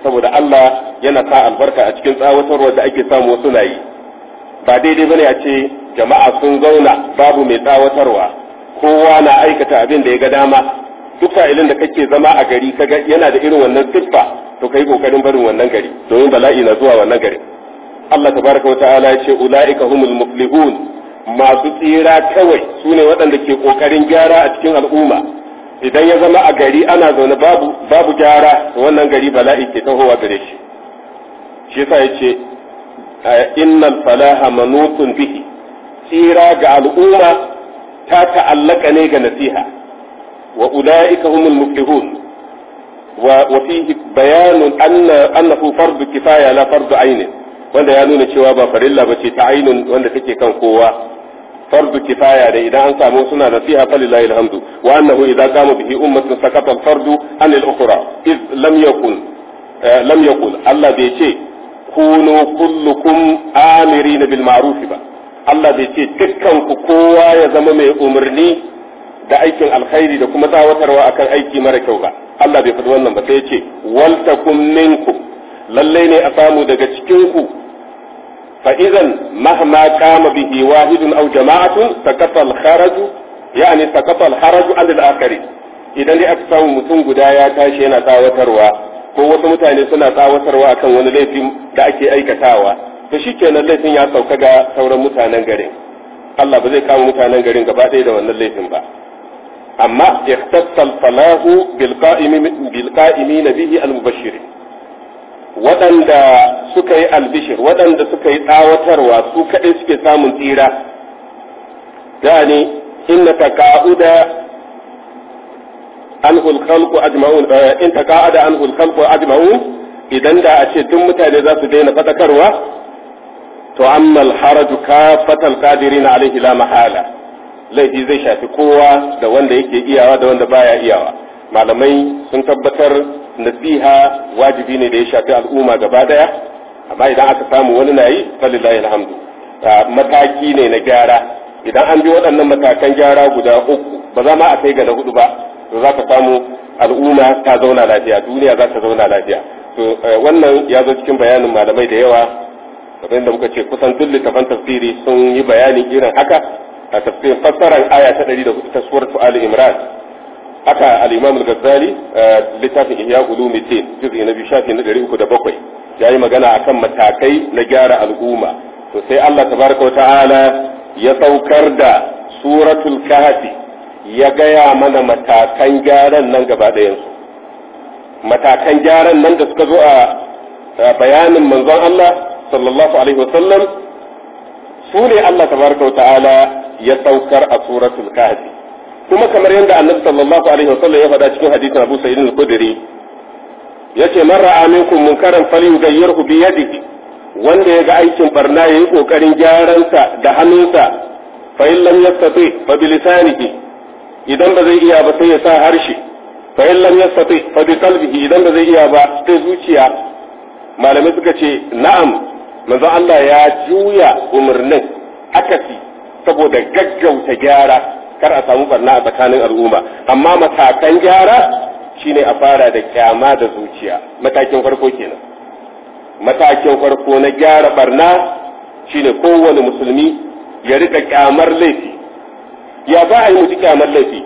saboda Allah yana sa albarka a cikin tsawatarwa da ake samu wasu na yi ba daidai bane a ce jama'a sun zauna babu mai tsawatarwa kowa na aikata abin da ya ga dama duk fa'ilin da kake zama a gari kaga yana da irin wannan siffa to kai kokarin barin wannan gari domin bala'i na zuwa wannan gari Allah tabaraka wa ta'ala ya ce ulaika humul muflihun masu tsira kawai su ne waɗanda ke ƙoƙarin gyara a cikin al'umma idan ya zama a gari ana zaune babu gyara gyara wannan gari bala'i ke tahowa gare shi shi yasa yace eh, innal falaha manutun bihi tsira ga al'umma ta ta'allaka ne ga nasiha wa ulaika humul muflihun wa wa fihi bayanun annahu fardu kifaya la fardu ainin wanda ya nuna cewa ba farilla ce ta ainin wanda take kan kowa fardu kifaya da idan an samu suna nasiha falillahi alhamdu wa annahu idza qama bihi ummatun sakata al-fardu an al-ukhra iz lam yakun eh, lam yakun Allah bai ce kunu kullukum amirina bil ma'ruf ba Allah bai ce dukkan ku kowa ya zama mai umarni da aikin alkhairi da kuma tsawatarwa akan aiki mara kyau ba Allah bai faɗi wannan ba sai ya ce wal minkum lalle ne a samu daga cikin ku فإذا مهما قام به واحد أو جماعة سقط الخرج يعني سقط الحرج عن الآخرين idan dai aka samu mutum guda ya tashi yana tsawatarwa ko wasu mutane suna tsawatarwa akan wani laifi da ake aikatawa to shikenan laifin ya sauka ga sauran mutanen garin Allah ba zai kama mutanen garin gaba ɗaya da wannan laifin ba amma ihtassal falahu bil bihi al mubashirin waɗanda suka yi albishir waɗanda suka yi tsawatarwa su kaɗai suke samun tsira yani inna taqa'uda an hulkalku ajma'un in taqa'ada an ajma'un idan da a ce tun mutane za su daina fatakarwa to amma alharaju kafatal qadirina alaihi la mahala laifi zai shafi kowa da wanda yake iyawa da wanda baya iyawa malamai sun tabbatar nasiha wajibi ne da ya shafi al'umma gaba daya amma idan aka samu wani na yi falillahi alhamdu ah, mataki ne na gyara idan an bi waɗannan matakan gyara guda uku ba za ma a kai ga na hudu ba to za ka samu al'umma ta zauna lafiya duniya za ta zauna lafiya to eh, wannan ya zo cikin bayanin malamai da yawa abinda da muka ce kusan duk littafan tafsiri sun yi bayani irin haka a tafsirin fassarar aya ta ɗari 104 ta suwar Ali Imran haka al-imam al-ghazali eh, littafin ihya ulumuddin juz'i na biyu shafi na 307 yayi magana akan matakai na gyara al'umma to sai Allah tabaraka ta'ala ya saukar da suratul kahfi ya gaya mana matakan gyaran nan gaba ɗayansu matakan gyaran nan da suka zo a bayanin manzon Allah sallallahu alaihi wasallam su ne Allah tabaraka ta'ala ya saukar a suratul kahfi kuma kamar yadda annabi sallallahu alaihi wasallam ya faɗa cikin hadisin Abu Sa'id al-Khudri yace man ra'a minkum munkaran falyughayyirhu bi yadihi wanda yaga aikin barna yayi kokarin gyaransa da hannunsa fa in lam yastati fa bi lisanihi idan ba zai iya ba sai ya sa harshe fa in lam yastati fa bi qalbihi idan ba zai iya ba sai zuciya malamai suka ce na'am manzo Allah ya juya umarnin akasi saboda gaggauta gyara kar a samu barna a tsakanin al'umma amma matakan gyara shine a fara da kyama da zuciya matakin farko kenan matakin farko na gyara barna shine kowane musulmi ya rika kyamar laifi ya ba a yi mutu kyamar laifi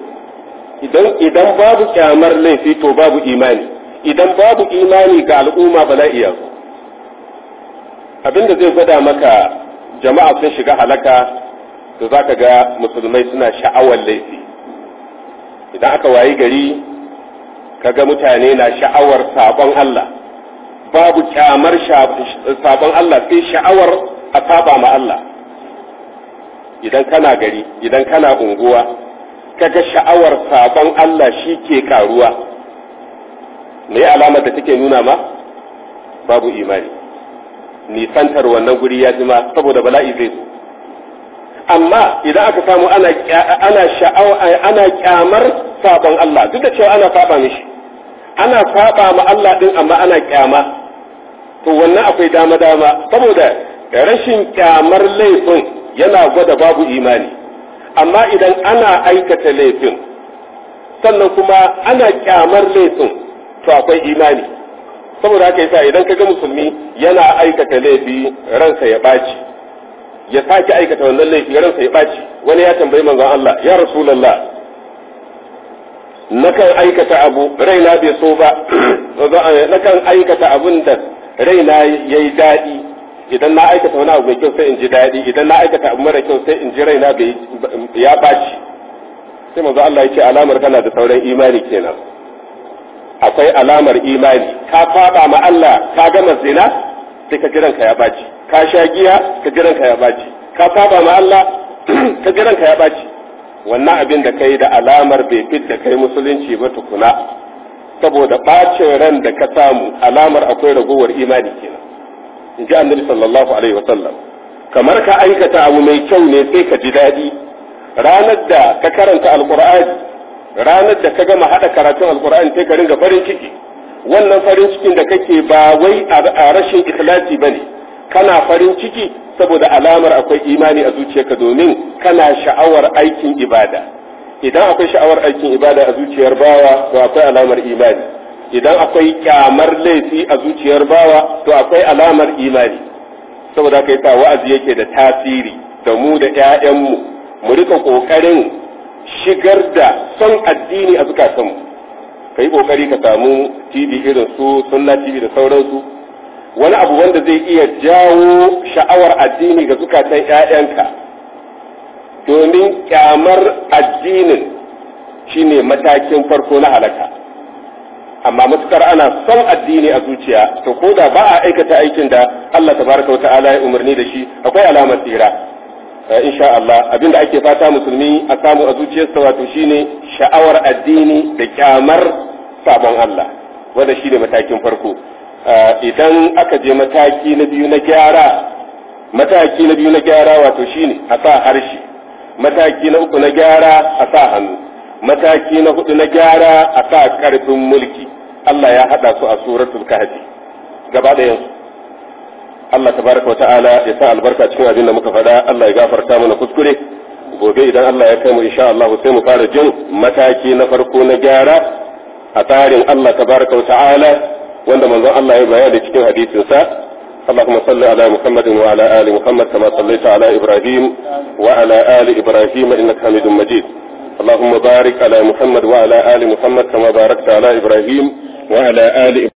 idan babu kyamar laifi to babu imani idan babu imani ga al'umma bala'i yanzu abinda zai gwada maka jama'a sun shiga halaka to za ka ga musulmai suna sha'awar laifi idan aka wayi gari ka ga mutane na sha'awar sabon Allah babu kyamar sabon Allah sai sha'awar a saba ma Allah idan kana gari idan kana unguwa ka ga sha'awar sabon Allah shi ke karuwa me alamar da take nuna ma babu imani nisantar wannan guri ya jima saboda bala'i zai zo amma idan aka samu ana sha'awa ana kyamar saban Allah duk da cewa ana saba mishi ana saba ma Allah din amma ana kyama to wannan akwai dama dama saboda rashin kyamar laifin yana gwada babu imani amma idan ana aikata laifin sannan kuma ana kyamar laifin to akwai imani saboda haka yasa idan ka ga musulmi yana aikata laifi ransa ya baci ya sake aikata wannan laifi ransa ya ɓaci wani ya tambayi manzon Allah ya rasulullah nakan aikata abu raina bai so ba nakan aikata abun da raina yayi daɗi idan na aikata wani abu mai kyau sai in ji daɗi idan na aikata abu mara kyau sai in ji raina bai ya ɓaci sai manzo Allah ya ce alamar kana da sauran imani kenan akwai alamar imani ka faɗa ma Allah ka gama zina sai ka ji ranka ya ɓaci ka sha giya ka jiran ka ya baci ka saba ma Allah ka jiran ka ya baci wannan abin da kai da alamar bai fit da kai musulunci ba tukuna saboda bacin ran da ka samu alamar akwai ragowar imani kenan in ji annabi sallallahu alaihi wa sallam kamar ka aikata abu mai kyau ne sai ka ji daɗi ranar da ka karanta alkur'ani ranar da ka gama haɗa karatun alkur'ani sai ka ringa farin ciki wannan farin cikin da kake ba wai a rashin ikhlasi bane kana farin ciki saboda alamar akwai imani a zuciyarka domin kana sha'awar aikin ibada idan akwai sha'awar aikin ibada a zuciyar bawa to akwai alamar imani idan akwai kyamar laifi a zuciyar bawa to akwai alamar imani saboda kai sa wa'azi yake da tasiri da mu da ƴaƴanmu mu mu rika kokarin shigar da son addini a zukatanmu kai kokari ka samu TV irin su sunna TV da sauransu wani abu wanda zai iya jawo sha'awar addini ga zukatan ‘ya'yanka domin kyamar addinin shine matakin farko na halaka amma matukar ana son addini a zuciya to ko da ba a aikata aikin da Allah tabaraka wa ta'ala ya umarni da shi akwai alamar tsira eh, insha Allah abinda ake fata musulmi a samu a zuciyarsa wato shine sha'awar addini da kyamar sabon Allah wanda shine matakin farko Eh, idan aka je mataki na biyu na gyara mataki na biyu na gyara wato shine a sa harshe mataki na uku na gyara a sa hannu mataki na hudu na gyara a sa karfin mulki Allah ya hada su a suratul kahfi gaba da Allah tabaraka wata'ala ya sa albarka cikin abin da muka faɗa Allah ya gafarta mana kuskure gobe idan Allah ya kai mu insha Allah sai mu fara jin mataki na farko na gyara a tsarin Allah tabaraka wata'ala wanda manzon Allah ya bayani cikin hadisin sa اللهم صل على محمد وعلى آل محمد كما صليت على إبراهيم وعلى آل إبراهيم إنك حميد مجيد اللهم بارك على محمد وعلى آل محمد كما باركت على إبراهيم وعلى آل إبراهيم